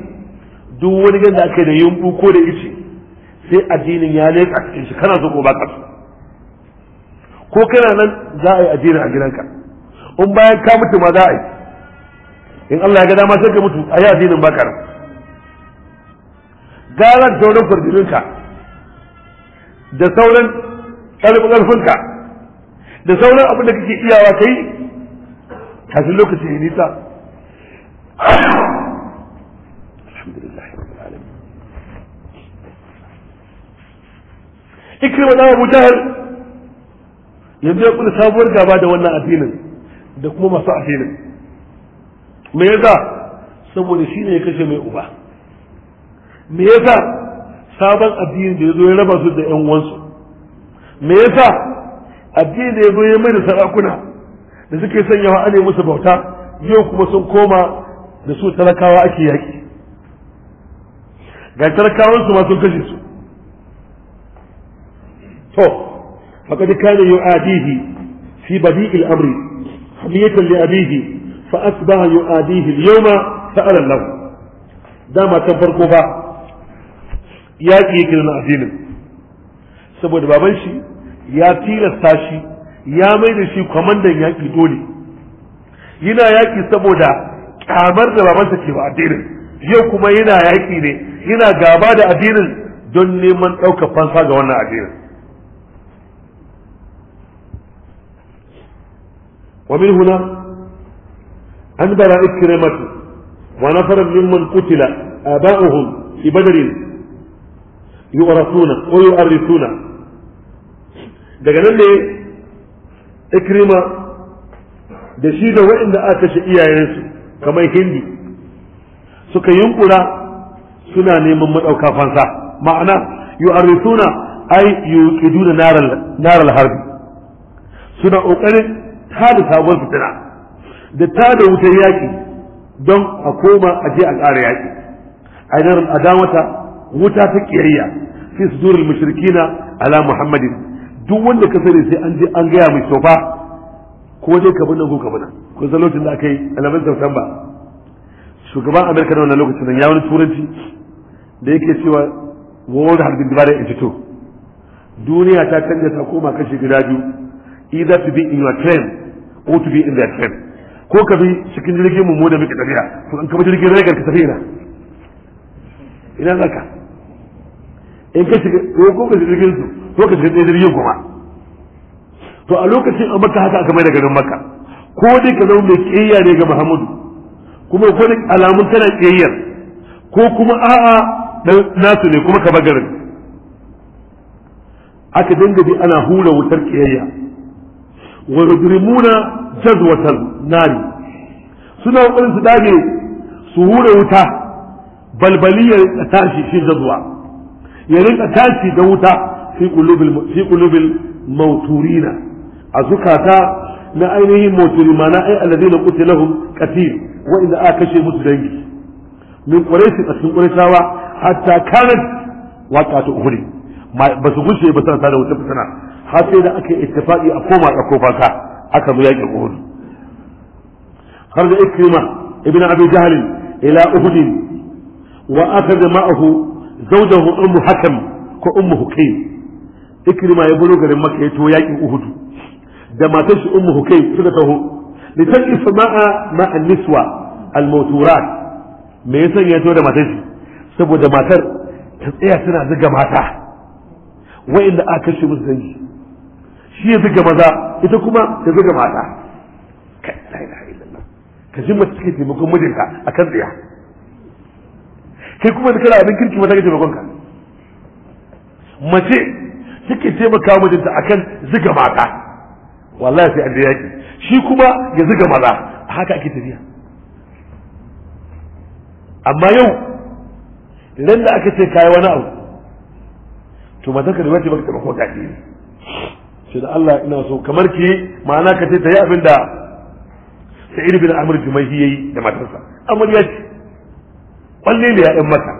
duk wani ganda ake da yumbu ko da ice sai addinin ya leƙa cikin shi kana zo ko baka ko kana nan za a yi addini a gidanka in bayan ka mutu ma za a yi in Allah ya ga dama sai ka mutu a yi addinin bakar gara sauran kwarjininka da sauran ƙarfinka da sauran abin da kake iyawa kai kafin lokaci ya nisa alhamdulillah ikrima da abu yanzu ya kuna sabuwar gaba da wannan addinin da kuma masu addinin me yasa saboda shine ya kashe mai uba me yasa sabon addini da yazo ya raba su da yan uwansu me yasa addini da yazo ya mai sarakuna da suke sanya wa ne musu bauta yau kuma sun koma da su talakawa ake yaki ga su ma sun kashe su to فقد كان يعاديه في Amri, الأمر li لأبيه fa asbaha yu'adihi al-yawma sa'ala lahu dama ta farko ba ya ki girma addinin saboda baban shi ya tilasta shi ya mai da shi kwamandan yaƙi dole yana yaƙi saboda kamar da babansa ke wa addinin yau kuma yana yaƙi ne yana gaba da addinin don neman ɗaukar fansa ga wannan addinin ومن هنا أنبر إكرمة ونفر ممن قتل آباؤهم في بدر يؤرثون ويؤرثون daga nan ne ikrima da shi da waɗanda aka shi iyayensu kamar hindi suka yunkura suna neman maɗauka fansa ma'ana yu'arrisuna ai yuqiduna naral naral harbi suna ƙoƙarin tada sabon fitina da ta da wutar yaƙi don a koma a je a ƙara yaƙi a yanar adawata wuta ta ƙiyayya fi sudurul mushrikina ala muhammadin duk wanda ka sani sai an je an gaya mai sofa ko dai ka bin nan ko ka bin nan kun san lokacin da aka yi alamin September shugaban Amerika na wannan lokacin nan ya wani turanci da yake cewa world has been divided into duniya ta canja ta koma kashi gida biyu either to be in your train or to be in their train ko ka bi cikin jirgin mu mu da muke tafiya to in ka bi jirgin regar ka tafi ina ina ka in ka shiga ko ka jirgin su ko ka shiga ɗaya jirgin kuma to a lokacin a maka haka aka mai da garin maka ko dai ka zama mai ƙiyayya ne ga muhammadu kuma ko dai alamun tana ƙiyayyar ko kuma a'a nasu ne kuma ka bagarin aka dinga bi ana hula wutar ƙiyayya wa yudrimuna jazwatan nari suna kokarin su dage su hure wuta balbaliyar tashi shi jazwa ya rinka tashi da wuta fi qulubil fi qulubil mawturina a na ainihin mawturi mana ai alladhina qutilahum katir wa idza aka kashe musu dangi min quraish a quraysawa hatta kanat waqatu uhud ba su gushe ba sanata da wuta fitana har sai da aka ittifaqi a koma da kofarsa aka zo yaƙin Uhud har da Ikrima ibn Abi Jahl ila Uhud wa akhadha ma'ahu zawjahu ummu Hakam ko ummu hukay Ikrima ya bulo garin Makka ya to yaƙin Uhud da matar shi ummu hukay suka taho litan isma'a ma'a niswa al-mawturat me yasa ya to da matar saboda matar ta tsaya tana zuga mata wa'inda aka shi musu dangi shi ya zuga maza ita kuma ta zuga mata kai na, ilaha illallah ka ji mace ke taimakon mijinka kan tsiya kai kuma da kana abin kirki mata ke taimakon ka mace take taimaka mijinta a kan zuga mata wallahi sai an da yaki shi kuma ya zuga maza a haka ake tafiya amma yau idan da aka ce kayi wani abu to ka da wace baka taimakon ta ne ce da Allah ina so kamar ki ma'ana ka ce ta yi abin da sa'id bin amr jumaihi yayi da matarsa amur ya ce kwalle ne ya ɗan maka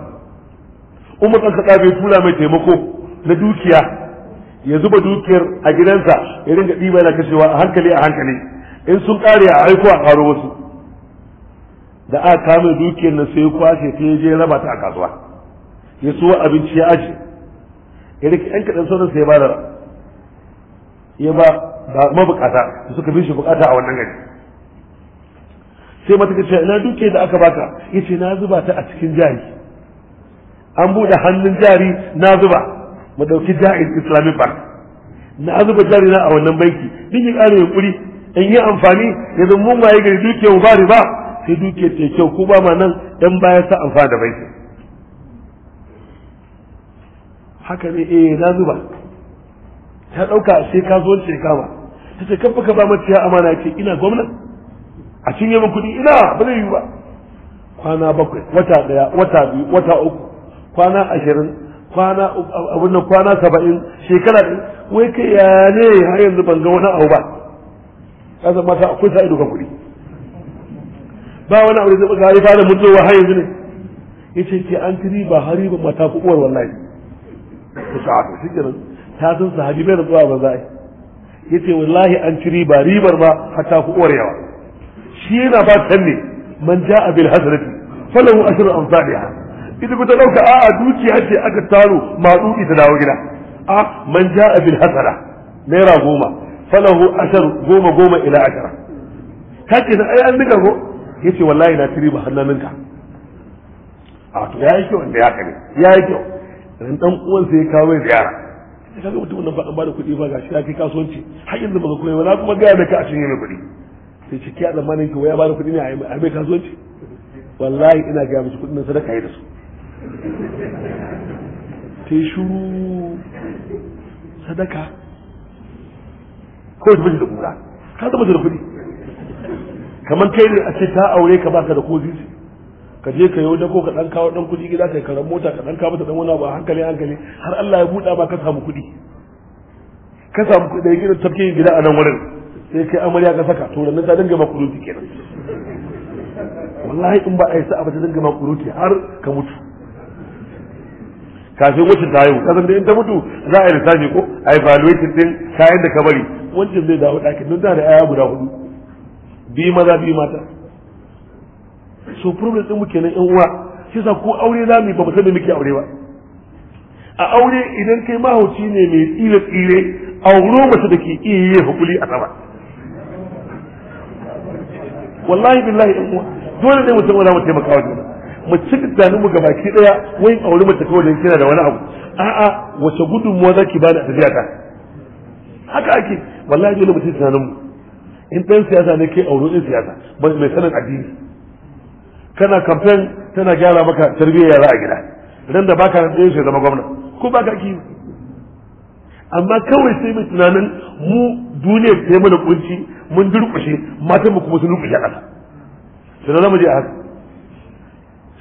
umar ɗan kaɗa bai tura mai taimako na dukiya ya zuba dukiyar a gidansa ya dinga ɗiba yana kashewa a hankali a hankali in sun ƙare a aiko a ƙaro wasu da aka kame dukiyar na sai kwashe ta je raba ta a kasuwa ya suwa abinci ya aje ya rike ɗan kaɗan sauran sai ya da ya ba da mabukata suka bi shi bukata a wannan gari sai mata ce ina duke da aka baka yace na zuba ta a cikin jari an bude hannun jari na zuba mu dauki jaiz islamic bank na zuba jari na a wannan banki din ya ƙara yunkuri in yi amfani zama mun waye gari duke mu ba sai duke ta kyau ko ba ma nan dan baya sa amfani da banki haka ne eh na zuba ta ɗauka sai ka zo ce kama ta ce kafa ka ba maciya amana ce ina gwamna a cinye min kuɗi ina ba zai yi ba kwana bakwai wata ɗaya wata biyu wata uku kwana ashirin kwana abin nan kwana saba'in shekara ɗin wai kai ya ne har yanzu ban ga wani abu ba ka zama ta akwai sa ido ka kuɗi ba wani abu da zai ga rifa da mutuwa har yanzu ne yace ke an tiri ba hari ba mata uwar wallahi ta sa'a shi kenan ta san sahabi bai rantsuwa ba za a yi. Ya ce wallahi an ci riba ribar ba hatta ku uwar yawa. shi yana fatan ne man ja a bil hazrati falahu ashru amsalha idan ku ta dauka a a dukiya ce aka taro matsu ta dawo gida a ah, man ja a bil hasara naira goma falahu ashru goma goma ila ashara kace da ai an diga ko Ya ce wallahi na ci riba hannaninka a to yi kyau inda ya kare yi kyau dan dan uwan sai ya kawo ziyara da kaga mutum nan ba an bada kuɗi ba gashi ya kai kasuwanci har yanzu ba ka kuma na kuma gaya da ka a cikin mai kuɗi sai ciki a zamanin ki waya bada kuɗi ne a mai kasuwanci wallahi ina gaya musu kuɗin nan sadaka yi da su ta shuru sadaka kawai tafi da kura ka zama da kuɗi kamar kai ne a ce ta aure ka baka da kofi ka je ka yau dako ka dan kawo dan kuɗi gida kai karan mota ka dan kawo ta dan wani abu hankali hankali har Allah ya buɗa ma ka samu kuɗi ka samu kuɗi da gidan tafkin gida a nan wurin sai kai amarya ka saka to nan ta dinga ma kuruti kenan wallahi in ba a yi sa'a ba ta dinga ma kuruti har ka mutu kafin wacce ta haihu kasan da in ta mutu za a yi lissafi ko a evaluation din kayan da ka bari wancan zai dawo ɗakin don ta da aya guda hudu Bi maza bi mata so problem din mu kenan yan uwa shi sa ko aure na mu ba mu san muke aure ba a aure idan kai mahauci ne mai tsire tsire auro mace da ke iya yi hakuri a sama wallahi billahi yan uwa dole ne mu san wani mu taimaka wa juna mu ci tunanin mu gabaki daya wai aure mace kawai dan kina da wani abu a'a wace gudunmuwa zaki bani a tafiya ta haka ake wallahi dole mu ci tunanin mu in dan siyasa ne ke auro din siyasa ba mai sanin addini kana kamfen tana gyara maka tarbiyyar yara a gida idan da baka nan sai zama gwamna ko baka ki amma kawai sai mu tunanin mu duniyar sai mana kunci mun durkushe matan mu kuma sun durkushe kasa sai na je a haka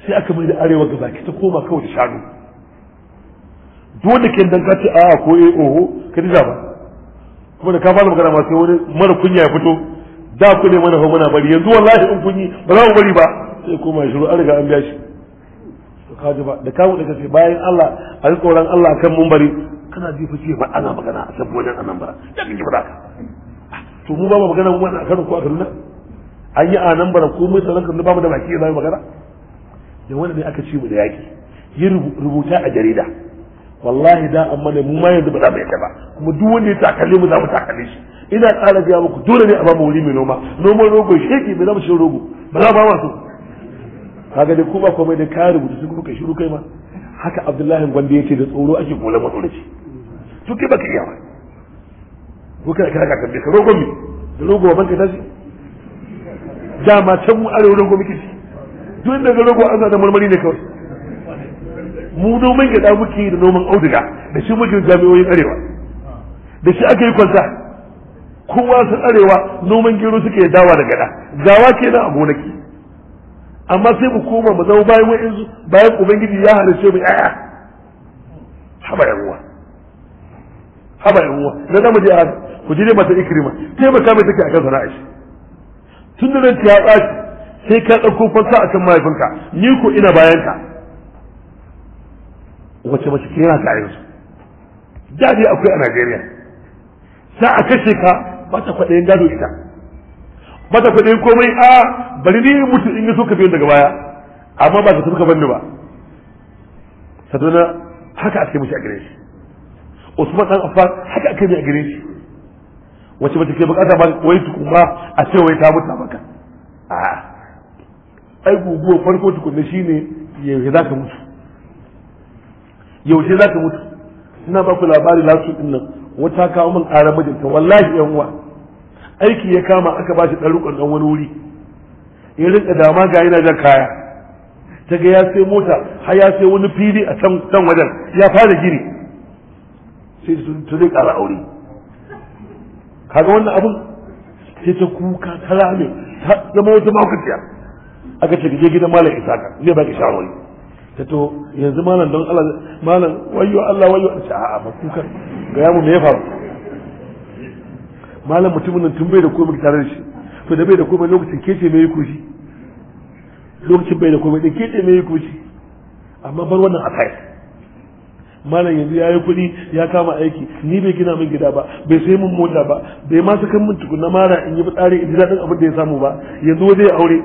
sai aka mai da arewa ga baki ta koma kawai da shanu dole ke dan ka ce a ko eh oho ka ba kuma da ka fara magana ma sai wani mara kunya ya fito da ku ne mana fa muna bari yanzu wallahi in kun yi ba za mu bari ba sai koma shiru an riga an biya shi kaji ba da kawo daga ce bayan Allah a yi tsoron Allah kan mun bari kana ji fa ba ana magana a saboda anan bara da kike fada to mu ba magana mu wannan kan ku a Kaduna an yi anan bara ko mu sanar kan ba mu da baki za mu magana da wani ne aka ci mu da yaki yi rubuta a jarida wallahi da amma ne mu ma yanzu ba za mu yadda ba kuma duk wanda ya takalle mu za mu takalle shi ina ƙara biya muku dole ne a bamu wuri mai noma noman rogo sheki bai zama shin rogo ba za ba ma su kaga dai kuma kuma da ka rubuta su kuka shiru kai ma haka abdullahi gwanda ce da tsoro ake gola matsoraci su ke baka iya ba ko kai ka ka tambaye ka rogo mi da rogo ban ka tashi ma can mu arewa rogo muke shi duk daga rogo an zata marmari ne kawai mu noman gida muke da noman auduga da shi muke jami'oyin arewa da shi ake yi kwanta kowa sun arewa noman gero suke dawa da gada gawa kenan a gonaki amma sai mu koma mu zama bayan wa'insu bayan ubangiji ya halice mu yaya haba yaruwa haba yaruwa na zama je a ku je mata ikrima taimaka mai take a kan sana'a shi tun da ranka ya tsaci sai ka ɗauko fansa kan mahaifinka ni ko ina bayanka. ka wace mace ke yana ta yanzu da akwai a Najeriya za a kashe ka ba ta kwaɗayin gado ita ba ta kwaɗayin komai a bari ni mutu in yi so ka biyo daga baya amma ba ka tafi ka banni ba sadona haka ake mishi a gare shi usman dan affan haka ake mishi a gare shi wace ba ta ke bukata ba wai kuma a ce wai ta mutu maka a ai guguwar farko tukunna shine yaushe za ka mutu yaushe za ka mutu ina ba ku labari lasu din nan wata kawo min ƙara mijinta wallahi yan uwa aiki ya kama aka ba shi ɗarukar ɗan wani wuri ya rinka dama ga yana jan kaya ta ga ya sai mota har ya sai wani fili a can can wajen ya fara gini sai ta zai ƙara aure kaga wannan abun sai ta kuka ta rame ta zama wata makaciya aka ce ka je gidan malam isaka zai baki shawarwari ya to yanzu malam don Allah malam wayo Allah wayo a a'a ba kuka ga ya mu me ya faru malam mutumin nan tun bai da komai tare da shi to da bai da komai lokacin kece mai kushi lokacin bai da komai da kece mai kushi amma bar wannan a kai malam yanzu ya yi kuɗi ya kama aiki ni bai gina min gida ba bai sai min mota ba bai ma sakan min tukuna mara in yi fitsari in ji daɗin abin da ya samu ba yanzu waje aure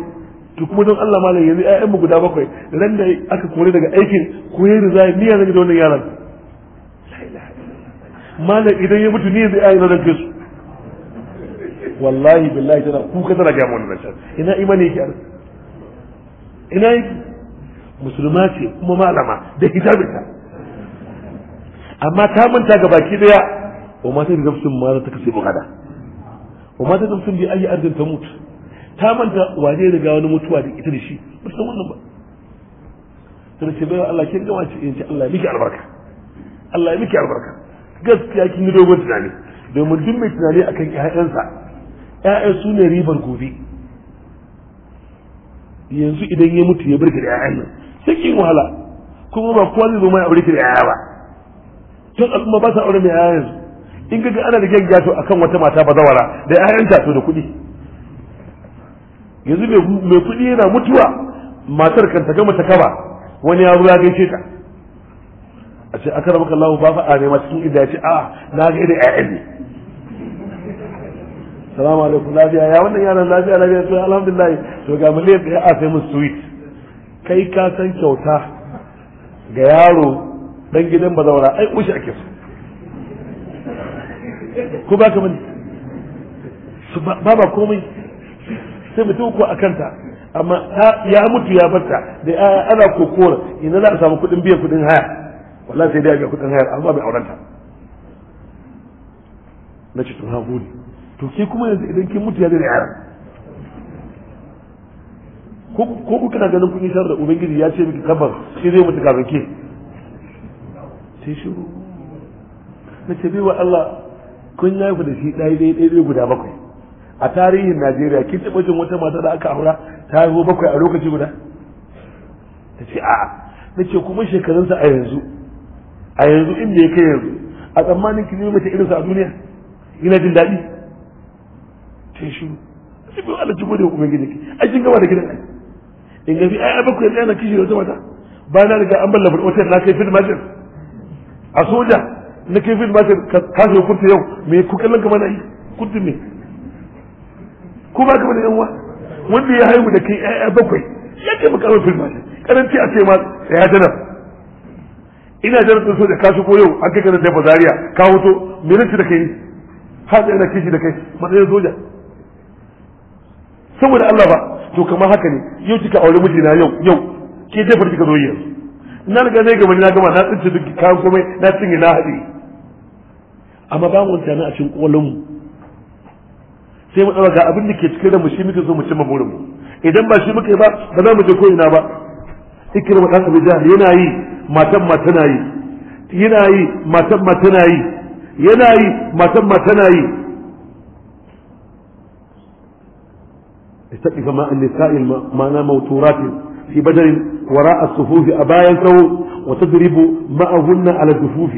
to kuma don Allah malam yanzu ƴaƴanmu guda bakwai ran da aka kore daga aikin ko ya rizaya ni ya zan da wannan yaran malam idan ya mutu ni yanzu ƴaƴan zan kai wallahi billahi tana kuka tana ga mun nan ina imani yake arzi ina yake musulma ce kuma malama da hijabinta amma ta manta ga baki daya wa ma ta da nafsin ma za ta kasance bukada wa ma ta nafsin bi ayi ardin ta mutu ta manta wane riga wani mutuwa da ita da shi ba san wannan ba sai ce bai Allah kin gama ce in ce Allah ya miki albarka Allah ya miki albarka gaskiya kin yi dogon tunani domin duk mai tunani akan ƴaƴansa ƴaƴan su ne ribar gobe yanzu idan ya mutu ya burge da ƴaƴan nan sai kin wahala kuma ba kowa zai zo mai aure da ƴaƴa ba tun al'umma ba sa aure mai ƴaƴa yanzu in ga ana da gyan a akan wata mata bazawara da ta to da kuɗi yanzu mai kuɗi yana mutuwa matar kan ta gama ta kaba wani ya ruwa gaishe ta a ce aka rabu kallahu ba fa'a ne masu cikin idaci a na ga irin ƴaƴan ne salamu alaikum lafiya ya wannan yaran lafiya lafiya to alhamdulillah to ga miliyan ɗaya a sai musu sweet kai ka san kyauta ga yaro dan gidan bazawara ai ushi ake so ko ba ka mani ba ba komai sai mutum uku a kanta amma ya mutu ya barta da ana kokora ina za a samu kuɗin biyan kuɗin haya wallahi sai dai a biya kuɗin an amma bai aurenta na ce to na to ke kuma yanzu idan kin mutu ya zai yaran ko ku kana ganin kun yi da ubangiji ya ce miki kabar shi zai mutu kafin ke sai shiru na ce bai wa Allah kun yafi da shi ɗaya ɗaya ɗaya guda bakwai a tarihin najeriya kin taɓa jin wata mata da aka aura ta haihu bakwai a lokaci guda ta ce a'a na ce kuma shekarunsa a yanzu a yanzu inda ya kai yanzu a tsammanin ki mata irin sa a duniya Ina jin daɗi ta yi shiru sai bai Allah ci gode wa ubangiji ki ai kin gama da gidan ai in gafi ai a bakwai ɗaya na kishi da wata mata ba na riga an ballafa otel na kai fil majin a soja na kai fil majin ka zo kunta yau me ku kallon ka mana yi kurti me ko ba ka bane yan uwa wanda ya haihu da kai ƴaƴa bakwai ya ke maka rufin ma karanci a ce ma ya janar ina janar sun so da kasu ko yau an kai kanan da bazariya ka hoto menene da kai hada ina kishi da kai matsayin soja saboda Allah ba to kamar haka ne yau kika aure na yau yau ke jefar kika zo yanzu na riga zai gaba na gama na tsinci duk kayan komai na cinye na haɗe amma ba mu na a cikin kwallon mu sai mu ga abin da ke cikin da mu shi muke so mu cimma burin mu idan ba shi muke ba ba za mu je ko ina ba ikirma dan abu da yana yi matan ma tana yi yana yi matan ma tana yi yana yi matan ma tana yi استقف ماء النساء معنى موتورات في بدر وراء الصفوف أبايا وتضرب معهن على الجفوف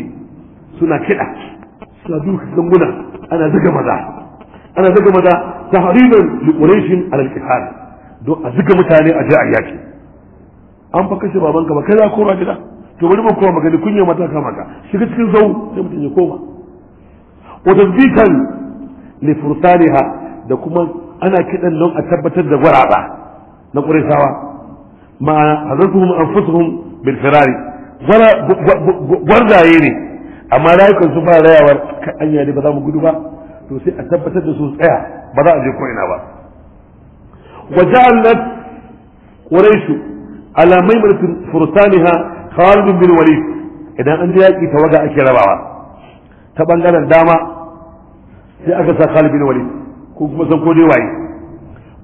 suna kiɗa suna duka ganguna ana zuga maza ana zuga maza ta li quraishin ala al don a zika mutane a je a yaki an fa kashe babanka ba kai za koma gida to bari mu koma gani kunya mata kama ka shiga cikin zau sai mutum ya koma wa tadbikan li fursaniha da kuma ana kidan don a tabbatar da gwaraba na quraisawa ma hazatuhum anfusuhum bil firari gwardaye ne amma rayukan su ba rayawar kan anya ne ba za mu gudu ba to sai a tabbatar da su tsaya ba za a je ko ina ba وجعلت قريش ala ميمنة furtaniha khalid bin walid idan an je yaƙi ta waga ake rabawa ta ɓangaren dama sai aka sa Khalid bin Walid ko kuma san ko dai waye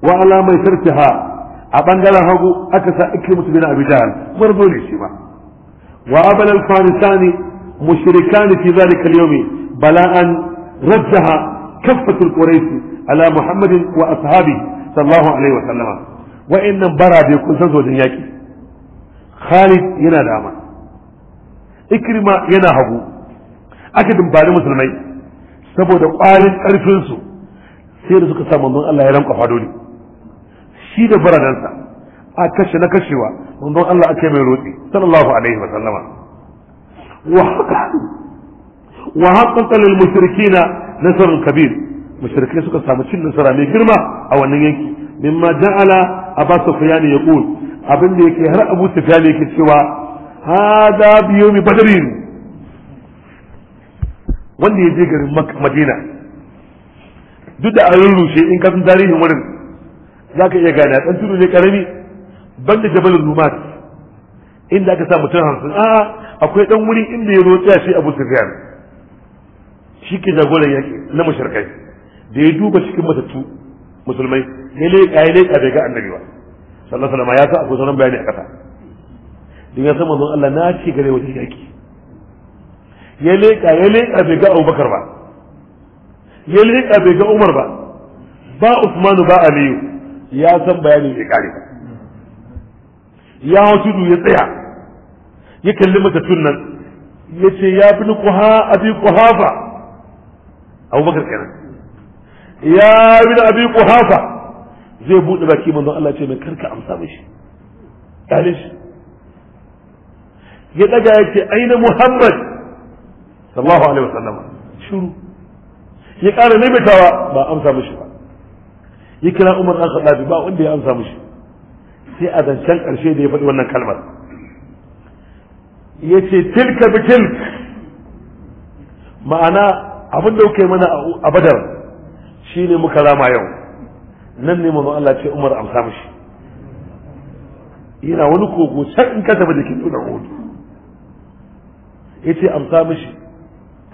wa ala mai sarfiha a ɓangaren hagu aka sa Ikrimah bin Abi Jahl gwarzo ne shi ma wa abal al-farisani mushrikani fi zalika al-yawmi bala'an رجها كفة القريش على محمد وأصحابه صلى الله عليه وسلم وإن برا بيكون سنسو جنياكي خالد ينا داما إكرمة ينا هبو أكد مبالي مسلمين سبو دا قارن أرفنسو سيرا سكسا منظر الله يرمك فادولي شيد برا ننسى أكش نكشوا دون الله أكيم يروتي صلى الله عليه وسلم وحكا wa haqqaqa lil mushrikina nasrun kabir mushrikai suka samu cin nasara mai girma a wannan yanki mimma ja'ala abu sufyan yaqul abin da yake har abu sufyan yake cewa hada bi yawmi badrin wanda ya je garin madina duk da an rushe in ka san tarihin wurin za ka iya gane dan tudu ne karami banda jabal rumat inda aka sa mutum hamsin a'a akwai dan wuri inda ya zo tsaya shi abu sufyan shi ke jagoran yaƙi na musharkai, da ya duba cikin matattu musulmai ya leƙa ya leƙa bai ga annabi ba sallallahu alaihi ya sa akwai sauran bayani a ƙasa don ya san manzon Allah na ci gare wajen yaƙi ya leƙa ya leƙa bai ga Abubakar ba ya leƙa bai ga Umar ba ba Usmanu ba Aliyu ya san bayani ya kare ya wasu tudu ya tsaya ya kalli matattun nan ya ce ya fi ni kuha ha kuhafa bakar kenan ya da abi kuhafa zai buɗe baki manzon Allah ce mai karka amsa mishi kale shi ya daga yake aina muhammad sallallahu alaihi wasallam shiru ya ƙara maimaitawa ba amsa mishi ba ya kira umar an khattabi ba wanda ya amsa mishi sai a zancen ƙarshe da ya faɗi wannan kalmar ya ce tilka bi tilk ma'ana abin da kuka mana a badar shi ne muka rama yau nan ne manzon Allah ce Umar amsa mishi yana wani kogo can in ka tafi da kin tuna hudu yace amsa mishi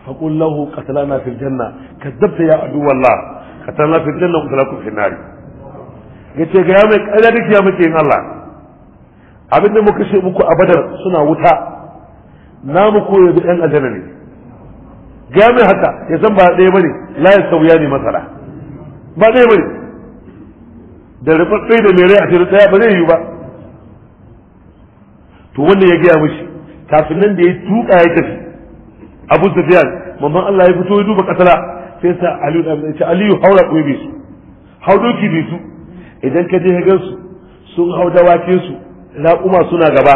faqul lahu qatalana fil janna kadzabta ya adu wallah qatalana fil janna wa qatalakum fil nar yace ga mai kada duk ya muke yin Allah abinda muka ce muku a badar suna wuta namu koyo da ɗan aljanna ne gami haka ya san ba ɗaya bane la ya sauya ne masara ba ɗaya bane da rufatsai da mai rai a cikin ɗaya ba zai yi ba to wanda ya gaya mishi kafin nan da ya tuka ya tafi abu sufiyan mamman Allah ya fito ya duba kasala sai sa aliyu da mai aliyu haura koyi bai su hau doki bai su idan ka je ka gan su sun hau dawakin su raƙuma suna gaba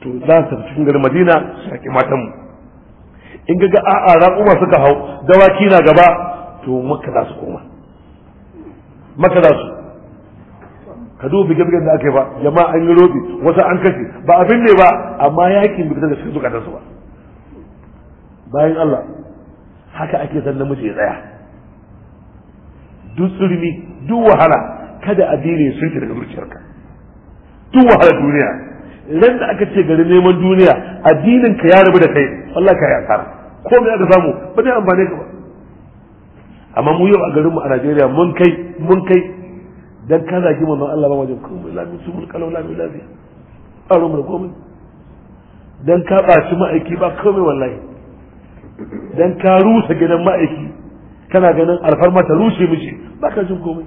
to za su tafi cikin garin madina su haƙi matanmu. in ga a'a raƙuma suka hau dawaki na gaba to maka za su koma maka za su ka dubi bige da aka yi ba jama'a an yi robi wasu an kashe ba abin ne ba amma yakin bai da suka zukatan su ba bayan Allah haka ake san namiji ya tsaya duk tsurmi duk wahala kada addini sun daga zuciyarka duk wahala duniya idan da aka ce gari neman duniya addinin ka ya rabu da kai Allah ka ya tsara ko me aka samu ba zai amfane ka ba amma mu yau a garinmu a Najeriya mun kai mun kai dan ka mu manzon Allah ba wajen la lamin su mulka laula mai lafiya ba mu komai dan ka baci ma'aiki ba komai wallahi dan ka rusa gidan ma'aiki kana ganin alfarma ta rushe mishi ba ka jin komai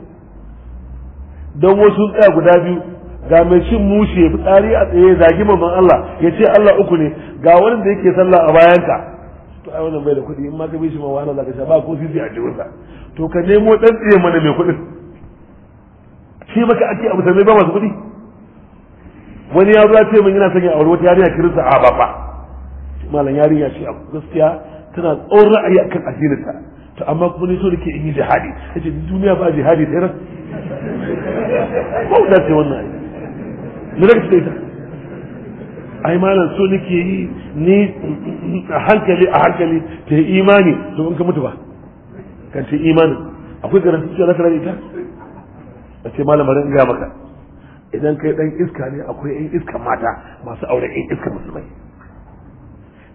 dan wasu tsaya guda biyu ga mai cin mushe fitsari a tsaye zagi manzon Allah ya ce Allah uku ne ga wani da yake sallah a bayanka to ai wannan bai da kuɗi in ma ka bi shi ma wahala zaka sha ba ko sisi a sa to ka nemo dan tsiye mana mai kuɗin shi baka ake abu sai ba masu kuɗi wani ya zuwa ce min yana son ya aure wata yarinya sa a ba fa malam yarinya ce a gaskiya tana tsawon ra'ayi akan asirinta to amma kuma ni so da ke yi jihadi ce duniya ba jihadi sai ran ko da ce wannan ne da ta. ai malam so nake yi ni a hankali a hankali ta yi imani to in ka mutu ba kan ta imani akwai garanti cewa zaka rage ta a ce malam bari in ga maka idan kai dan iska ne akwai yan iska mata masu aure yan iska musulmai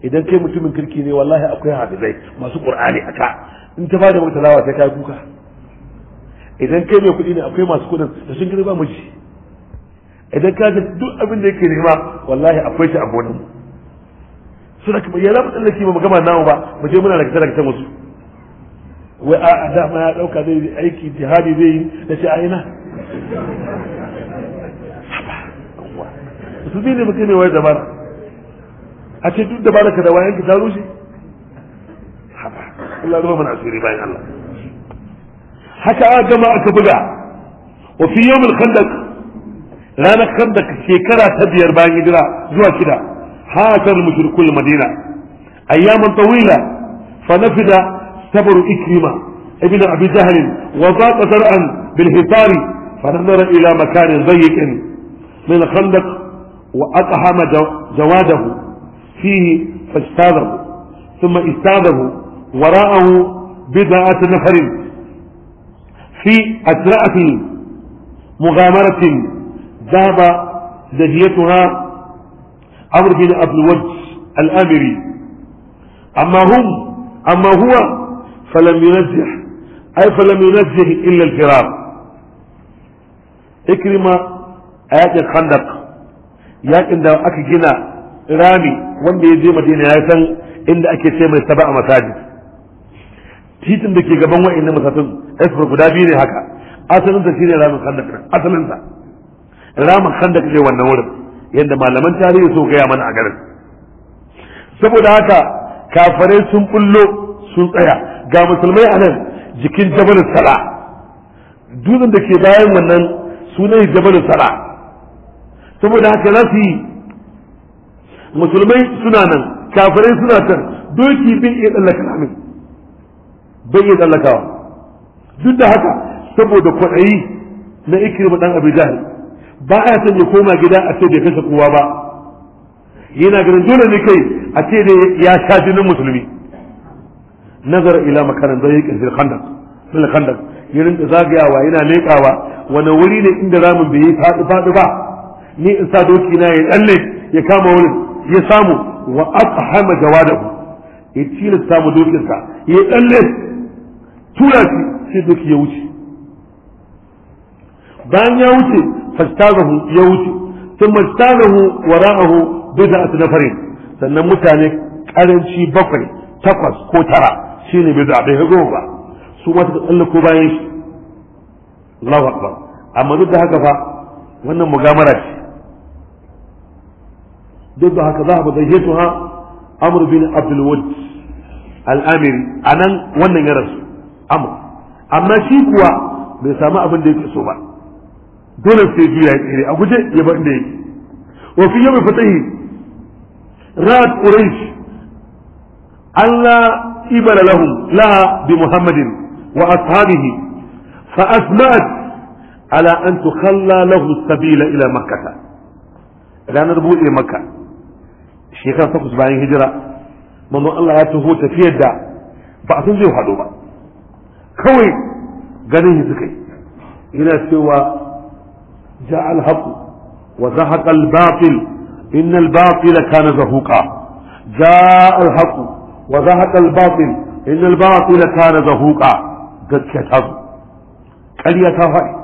idan kai mutumin kirki ne wallahi akwai hafizai masu qur'ani a ka in ta da mutalawa sai kai kuka idan kai mai kuɗi ne akwai masu kuɗin da sun girba miji idan ka ji duk abin da yake nema wallahi akwai shi a gonan mu su da kuma yana mutum da ke mu gama namu ba mu je muna da kitar wasu wai a a dama ya dauka zai yi aiki jihadi zai yi da shi a ina su ne mutane ne wai dabara a ce duk da ba dabara ka da wayan ki ta rushe Allah ruwa mana asiri bayan Allah haka a gama aka buga wa fi yawmil khandaq ranar khandak shekara ta biyar bayan hijira zuwa shida hatar mushrikul madina ayyaman tawila fa nafida sabru ikrima ibn abi jahl wa zaqa zar'an bil hisari fa nadara ila makanin dayyiqin min khandak wa aqhama jawadahu فيه فاجتازه ثم استاذه وراءه بضعة نفر في أسرعة مغامرة ذهب زجيتها عمرو بن عبد الوجه الامري اما هم اما هو فلم ينزه اي فلم ينزه الا الفرار اكرمه ايات الخندق yakin da aka gina rami wanda ya je madina ya san inda ake ce mai saba a masajid titin da ke gaban wa'in na masatun esfor guda biyu ne haka asalin shine ramin ramin khandak ne wannan wurin yadda malaman tarihi so gaya mana a garin saboda haka kafare sun bullo sun tsaya ga musulmai a nan jikin jabal sara dutsen da ke bayan wannan sunan jabal sara saboda haka za su yi musulmai suna nan kafare suna can doki bin iya tsallaka namin bai iya tsallakawa duk da haka saboda kwaɗayi na ikirma ɗan abu jahil ba a san ya koma gida a ce bai kashe kowa ba yana ganin dole ne kai a ce da ya sha jinin musulmi nazar ila makaran zai yake fil khandaq fil khandaq ya da zagayawa yana lekawa wani wuri ne inda ramin bai yi faɗi faɗi ba ni in sa doki na ya tsalle ya kama wani ya samu wa aqhama jawadahu ya tilasta mu dokinsa ya tsalle tura shi sai doki ya wuce bayan ya wuce fastazahu ya wuce sun mastagahu wara'ahu bid'atu nafarin sannan mutane karanci bakwai takwas ko tara shine bid'a bai hago ba su ma suka tsallako bayan shi Allahu akbar amma duk da haka fa wannan mugamara ce duk da haka za a ha amr bin abdul wud al-amiri anan wannan ya rasu amr amma shi kuwa bai samu abin da yake so ba dole sai juya ya tsere a guje ya bar da yake wa fi yawmi fatahi rat quraish Allah ibala lahum la bi muhammadin wa ashabihi fa asmat ala an tukhalla lahu sabila ila makkah ranar buɗe makka shekara takwas bayan hijira manzon Allah ya taho tafiyar da ba a san zai haɗo ba kawai ganin shi suka yi yana cewa جاء الحق وزهق الباطل إن الباطل كان زهوقا جاء الحق وزهق الباطل إن الباطل كان زهوقا قد كتب قرية فاي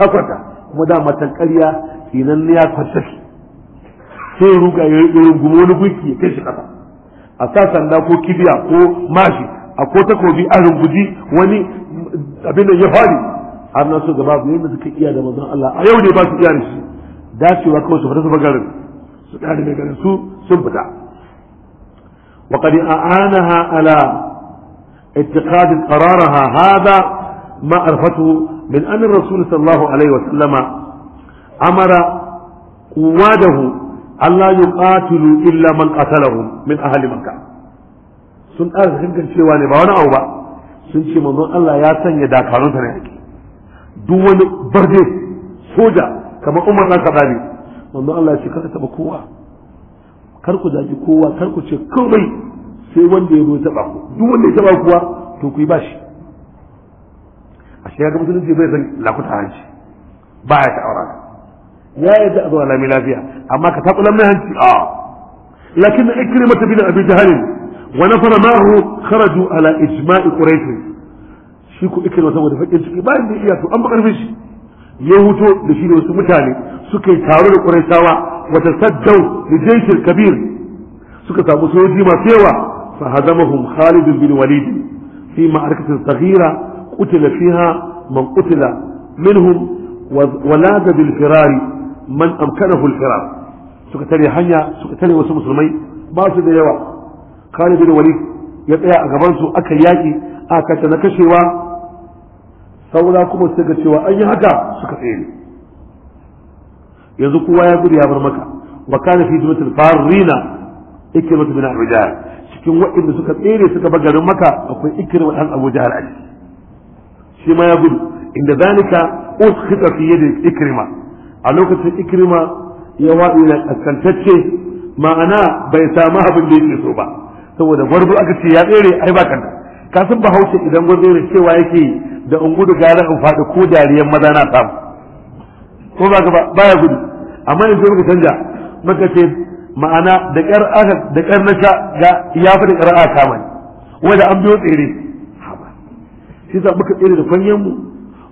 حسدا مدامة القرية إن النيات فسكي sai ruga ya rungumo wani gunki ya kai shi kasa a sa sanda ko kibiya ko mashi a ko takobi a runguji wani abin da ya fari har na so gaba mu yadda suka iya da manzon Allah a yau ne ba su iya da shi dacewa kawai su fita su bagarin su da mai garin su sun fita wa qad a'anaha ala اتخاذ قرارها هذا ما عرفته من أن الرسول صلى الله عليه وسلم أمر قواده ألا يقاتلوا إلا من قتلهم من أهل مكة sun ƙara fahimtar cewa ne ba wani abu ba sun ce manzon Allah ya sanya dakarunta ne duk wani barde soja kamar umar nan kaza ne manzo Allah ya ce kada taba kowa kar ku zaki kowa kar ku ce komai sai wanda ya zo taba ku duk wanda ya taba kuwa to ku yi bashi a shi ga musulunci bai san lakuta hanci ba ya ta'aura ya yadda a zo alami lafiya amma ka taɓa lamin hanci a lakin na bi da abi jahalin wa nafara ma'ahu kharaju ala ijma'i quraish shi ku ikirma saboda fakin ciki ba inda iya to an ba karfin shi ya huto da shi da wasu mutane suka yi taro da ƙuraitawa wata saddau da jaishir kabir suka samu sojoji masu yawa fa hazamahum khalid bin walid fi ma'arakatin saghira qutila fiha man qutila minhum walaga bil firari man amkanahu al firar suka tare hanya suka tare wasu musulmai ba su da yawa khalid bin walid ya tsaya a gaban su aka yaki aka kashe na kashewa saura kuma suka cewa an yi haka suka tsere yanzu kowa ya gudu ya bar maka wa kana fi jumatul farina ikrimatu bin abu jahal cikin waɗanda suka tsere suka ba garin maka akwai ikrimu dan abu jahal a shi ma ya gudu inda zalika uskhita fiye da ikrima a lokacin ikrima ya waɗi na kaskantacce ma'ana bai samu abin da yake so ba saboda gwarzo aka ce ya tsere ai ba kanta ka san bahaushe idan gwazo cewa yake da in gudu gara in faɗi ko dariyar maza na samu ko ba ka baya gudu amma in yanzu muka canja muka ce ma'ana da ƙyar aka da ƙar na sha ga ya fi da ƙyar aka kama ne wanda an biyo tsere shi sa muka tsere da fanyen mu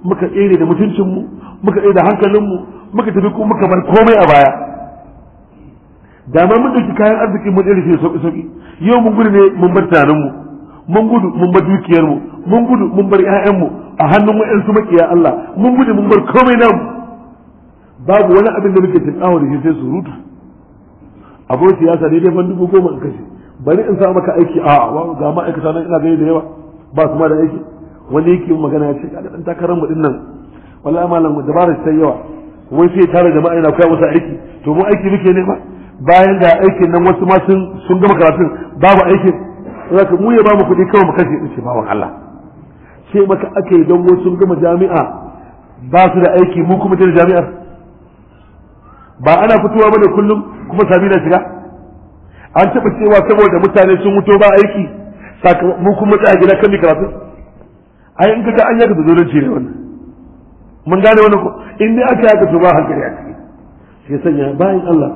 muka tsere da mutuncin mu muka tsere da hankalin mu muka tafi ko muka bar komai a baya da ma mun ɗauki kayan arziki mun tsere shi sauƙi sauƙi yau mun gudu ne mun bar tunanin mu mun gudu mun bar dukiyar mu mun gudu mun bar ƴaƴan mu a hannun su makiya Allah mun gudu mun bar komai namu babu wani abin da muke tinkawa da shi sai surutu abu siyasa ne dai fan dubu goma in kashe bari in sa maka aiki a ga ma'aikata nan ina gani da yawa ba su ma da aiki wani yake magana ya ce ga dan takarar mu dinnan wallahi malam dabarar sai yawa wai sai tare jama'a yana kai musu aiki to mu aiki muke ne ba bayan da aikin nan wasu ma sun gama karatun babu aikin zaka mu ya ba mu kuɗi kawai mu kashe su ce bawan Allah sai maka ake don wasu gama jami'a ba su da aiki mu kuma ta jami'ar ba ana fitowa bane kullum kuma sami na shiga an taɓa cewa saboda mutane sun mutu ba aiki mu kuma tsaya gida kan karatu ai in kaga an yaka da zoron ce ne wannan mun gane wannan ko in dai aka yaka to ba hankali a ciki sai sanya bayan Allah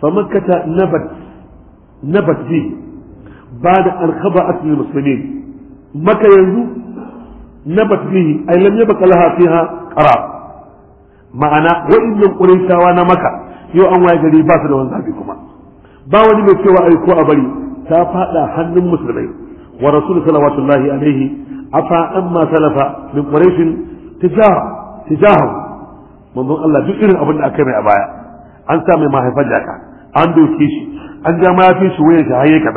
fa makkata nabat nabat bi بعد أن خبأت للمسلمين مكة ينزو نبت به أي لم يبق لها فيها قرار معنى وإن لم قريشا وانا مكة يو أنواع جريبات لو أنزابكما باوني مكتوى أي كوى أبري لا حن المسلمين ورسول صلوات الله عليه أفا أما سلف من قريش تجاه تجاه من منذ الله جئر أبن أكامي أبايا أنت ما هفجأك عنده كيش أن ما فيش شوية شهية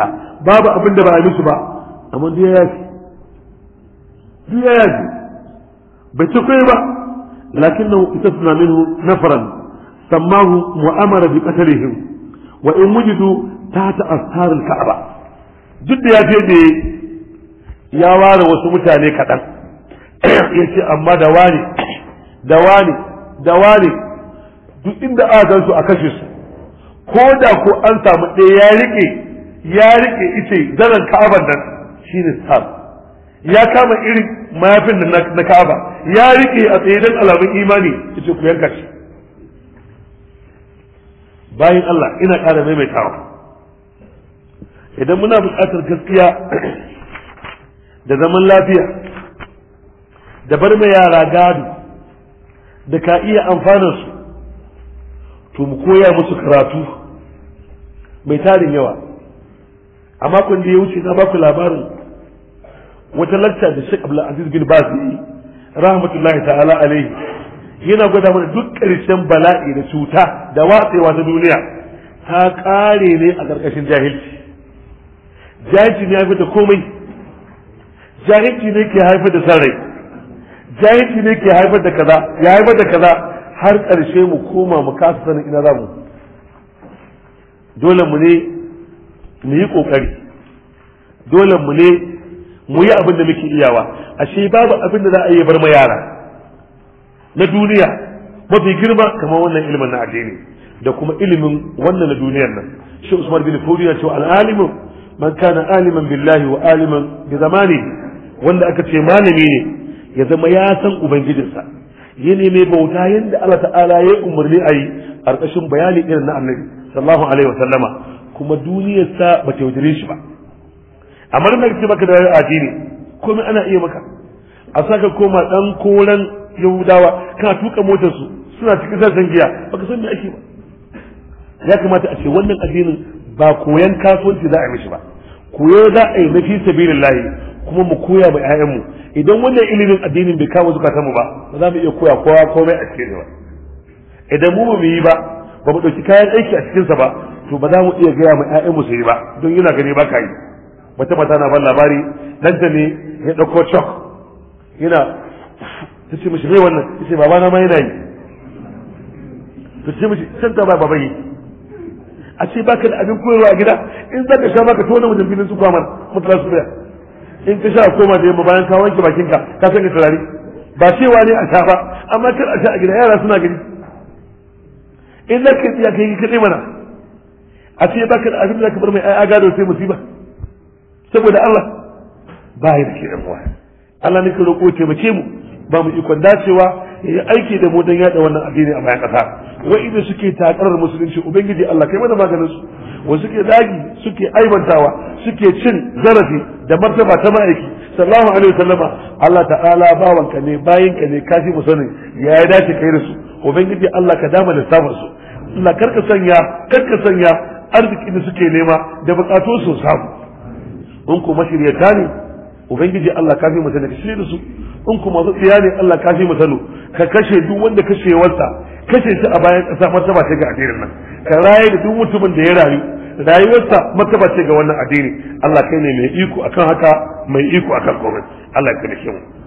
babu abin da ba a musu ba amma duk ya yafi duk ya yafi bai ci kai ba lakinnahu istasna minhu nafaran sammahu mu'amara bi qatlihim wa in wujidu ta asar al-ka'ba duk da ya je ne ya ware wasu mutane kaɗan ya ce amma da wani da wani da wani duk inda aka gansu a kashe su ko da ko an samu ɗaya ya riƙe ya rike ita zanen ka'aban nan shine star ya kama irin mayafin da na ka'aba ya rike a tsaye don alamun imani yace ku yanka shi bayan Allah ina ƙara maimaitawa idan muna buƙatar gaskiya da zaman lafiya da bar mai yara gado da ka iya su to mu koya musu karatu mai tarin yawa a makon da ya wuce na baku labarin wata lacca da shi abu Aziz bin Baz rahmatullahi ta'ala alaihi yana gwada mana duk ƙarshen bala'i da cuta da watsewa ta duniya ta ƙare ne a ƙarƙashin jahilci jahilci ne haifar da komai jahilci ne ke haifar da sarai jahilci ne ke haifar da kaza ya haifar da kaza har ƙarshe mu koma mu kasa sanin ina za mu dole mu ne mu yi kokari dole mu ne mu yi abin da muke iyawa ashe babu abin da za a yi bar ma yara na duniya mafi girma kamar wannan ilimin na addini da kuma ilimin wannan na duniyar nan shi Usman bin fudu ya ce wa al'alimu man kana aliman billahi wa aliman bi zamani wanda aka ce malami ne ya zama ya san ubangijinsa ya neme bauta yadda Allah ta'ala ya umarni a yi ƙarƙashin bayani irin na annabi sallallahu alaihi wa sallama kuma duniyarsa ba ta wajire shi ba amma da ce maka da addini komai ana iya maka a saka koma dan koran yahudawa kana tuka motar su suna cikin sassan giya baka san me ake ba ya kamata a ce wannan addinin ba koyan kasuwanci za a yi mishi ba koyo za a yi mafi sabilillahi kuma mu koya ma ƴaƴanmu idan wannan ilimin addinin bai kawo zukatan mu ba ba za mu iya koya kowa komai a cikin ba idan mu ba mu yi ba ba mu ɗauki kayan aiki a cikinsa ba to ba za mu iya gaya mu ƴaƴan mu sai ba don yana gani ba kai yi mata na ban labari dan da ne ya dauko chok yana tace mu mishi mai wannan ta baba babana ma yana yi ta ce mishi can ta ba baba yi a ce baka da abin koyarwa a gida in zaka ka sha maka tona wajen filin su kwamar mutala su biya in ka sha koma da yamma bayan ka wanke bakinka ka san ka turare ba cewa ne a sha ba amma kar a sha a gida yara suna gani in na kai tsiya kai kaɗai mana a ce baka da abin da zaka bar mai ai gado sai musiba saboda Allah ba ya da ɗan uwa Allah ne ka roƙo taimake mu ba mu ikon dacewa ya yi aiki da mu don yaɗa wannan addini a bayan ƙasa wa'inda suke takarar musulunci ubangiji Allah kai mana maganin su wa suke zagi suke aibantawa suke cin zarafi da martaba ta ma'aiki sallallahu alaihi wasallama Allah ta'ala bawanka ne bayinka ne kafi mu sanin ya ya dace kai da su ubangiji Allah ka dama lissafin su Allah karka sanya karka sanya arziki da suke nema da bukatu su samu in kuma shiryata ne ubangiji Allah ka fi mutane kashe da su in kuma su tsiya ne Allah ka fi mutane ka kashe duk wanda kashe wanta kashe shi a bayan kasa martaba ce ga addinin nan ka raye da duk mutumin da ya rayu rayuwarsa martaba ce ga wannan addini Allah kai ne mai iko akan haka mai iko akan komai Allah ya kare mu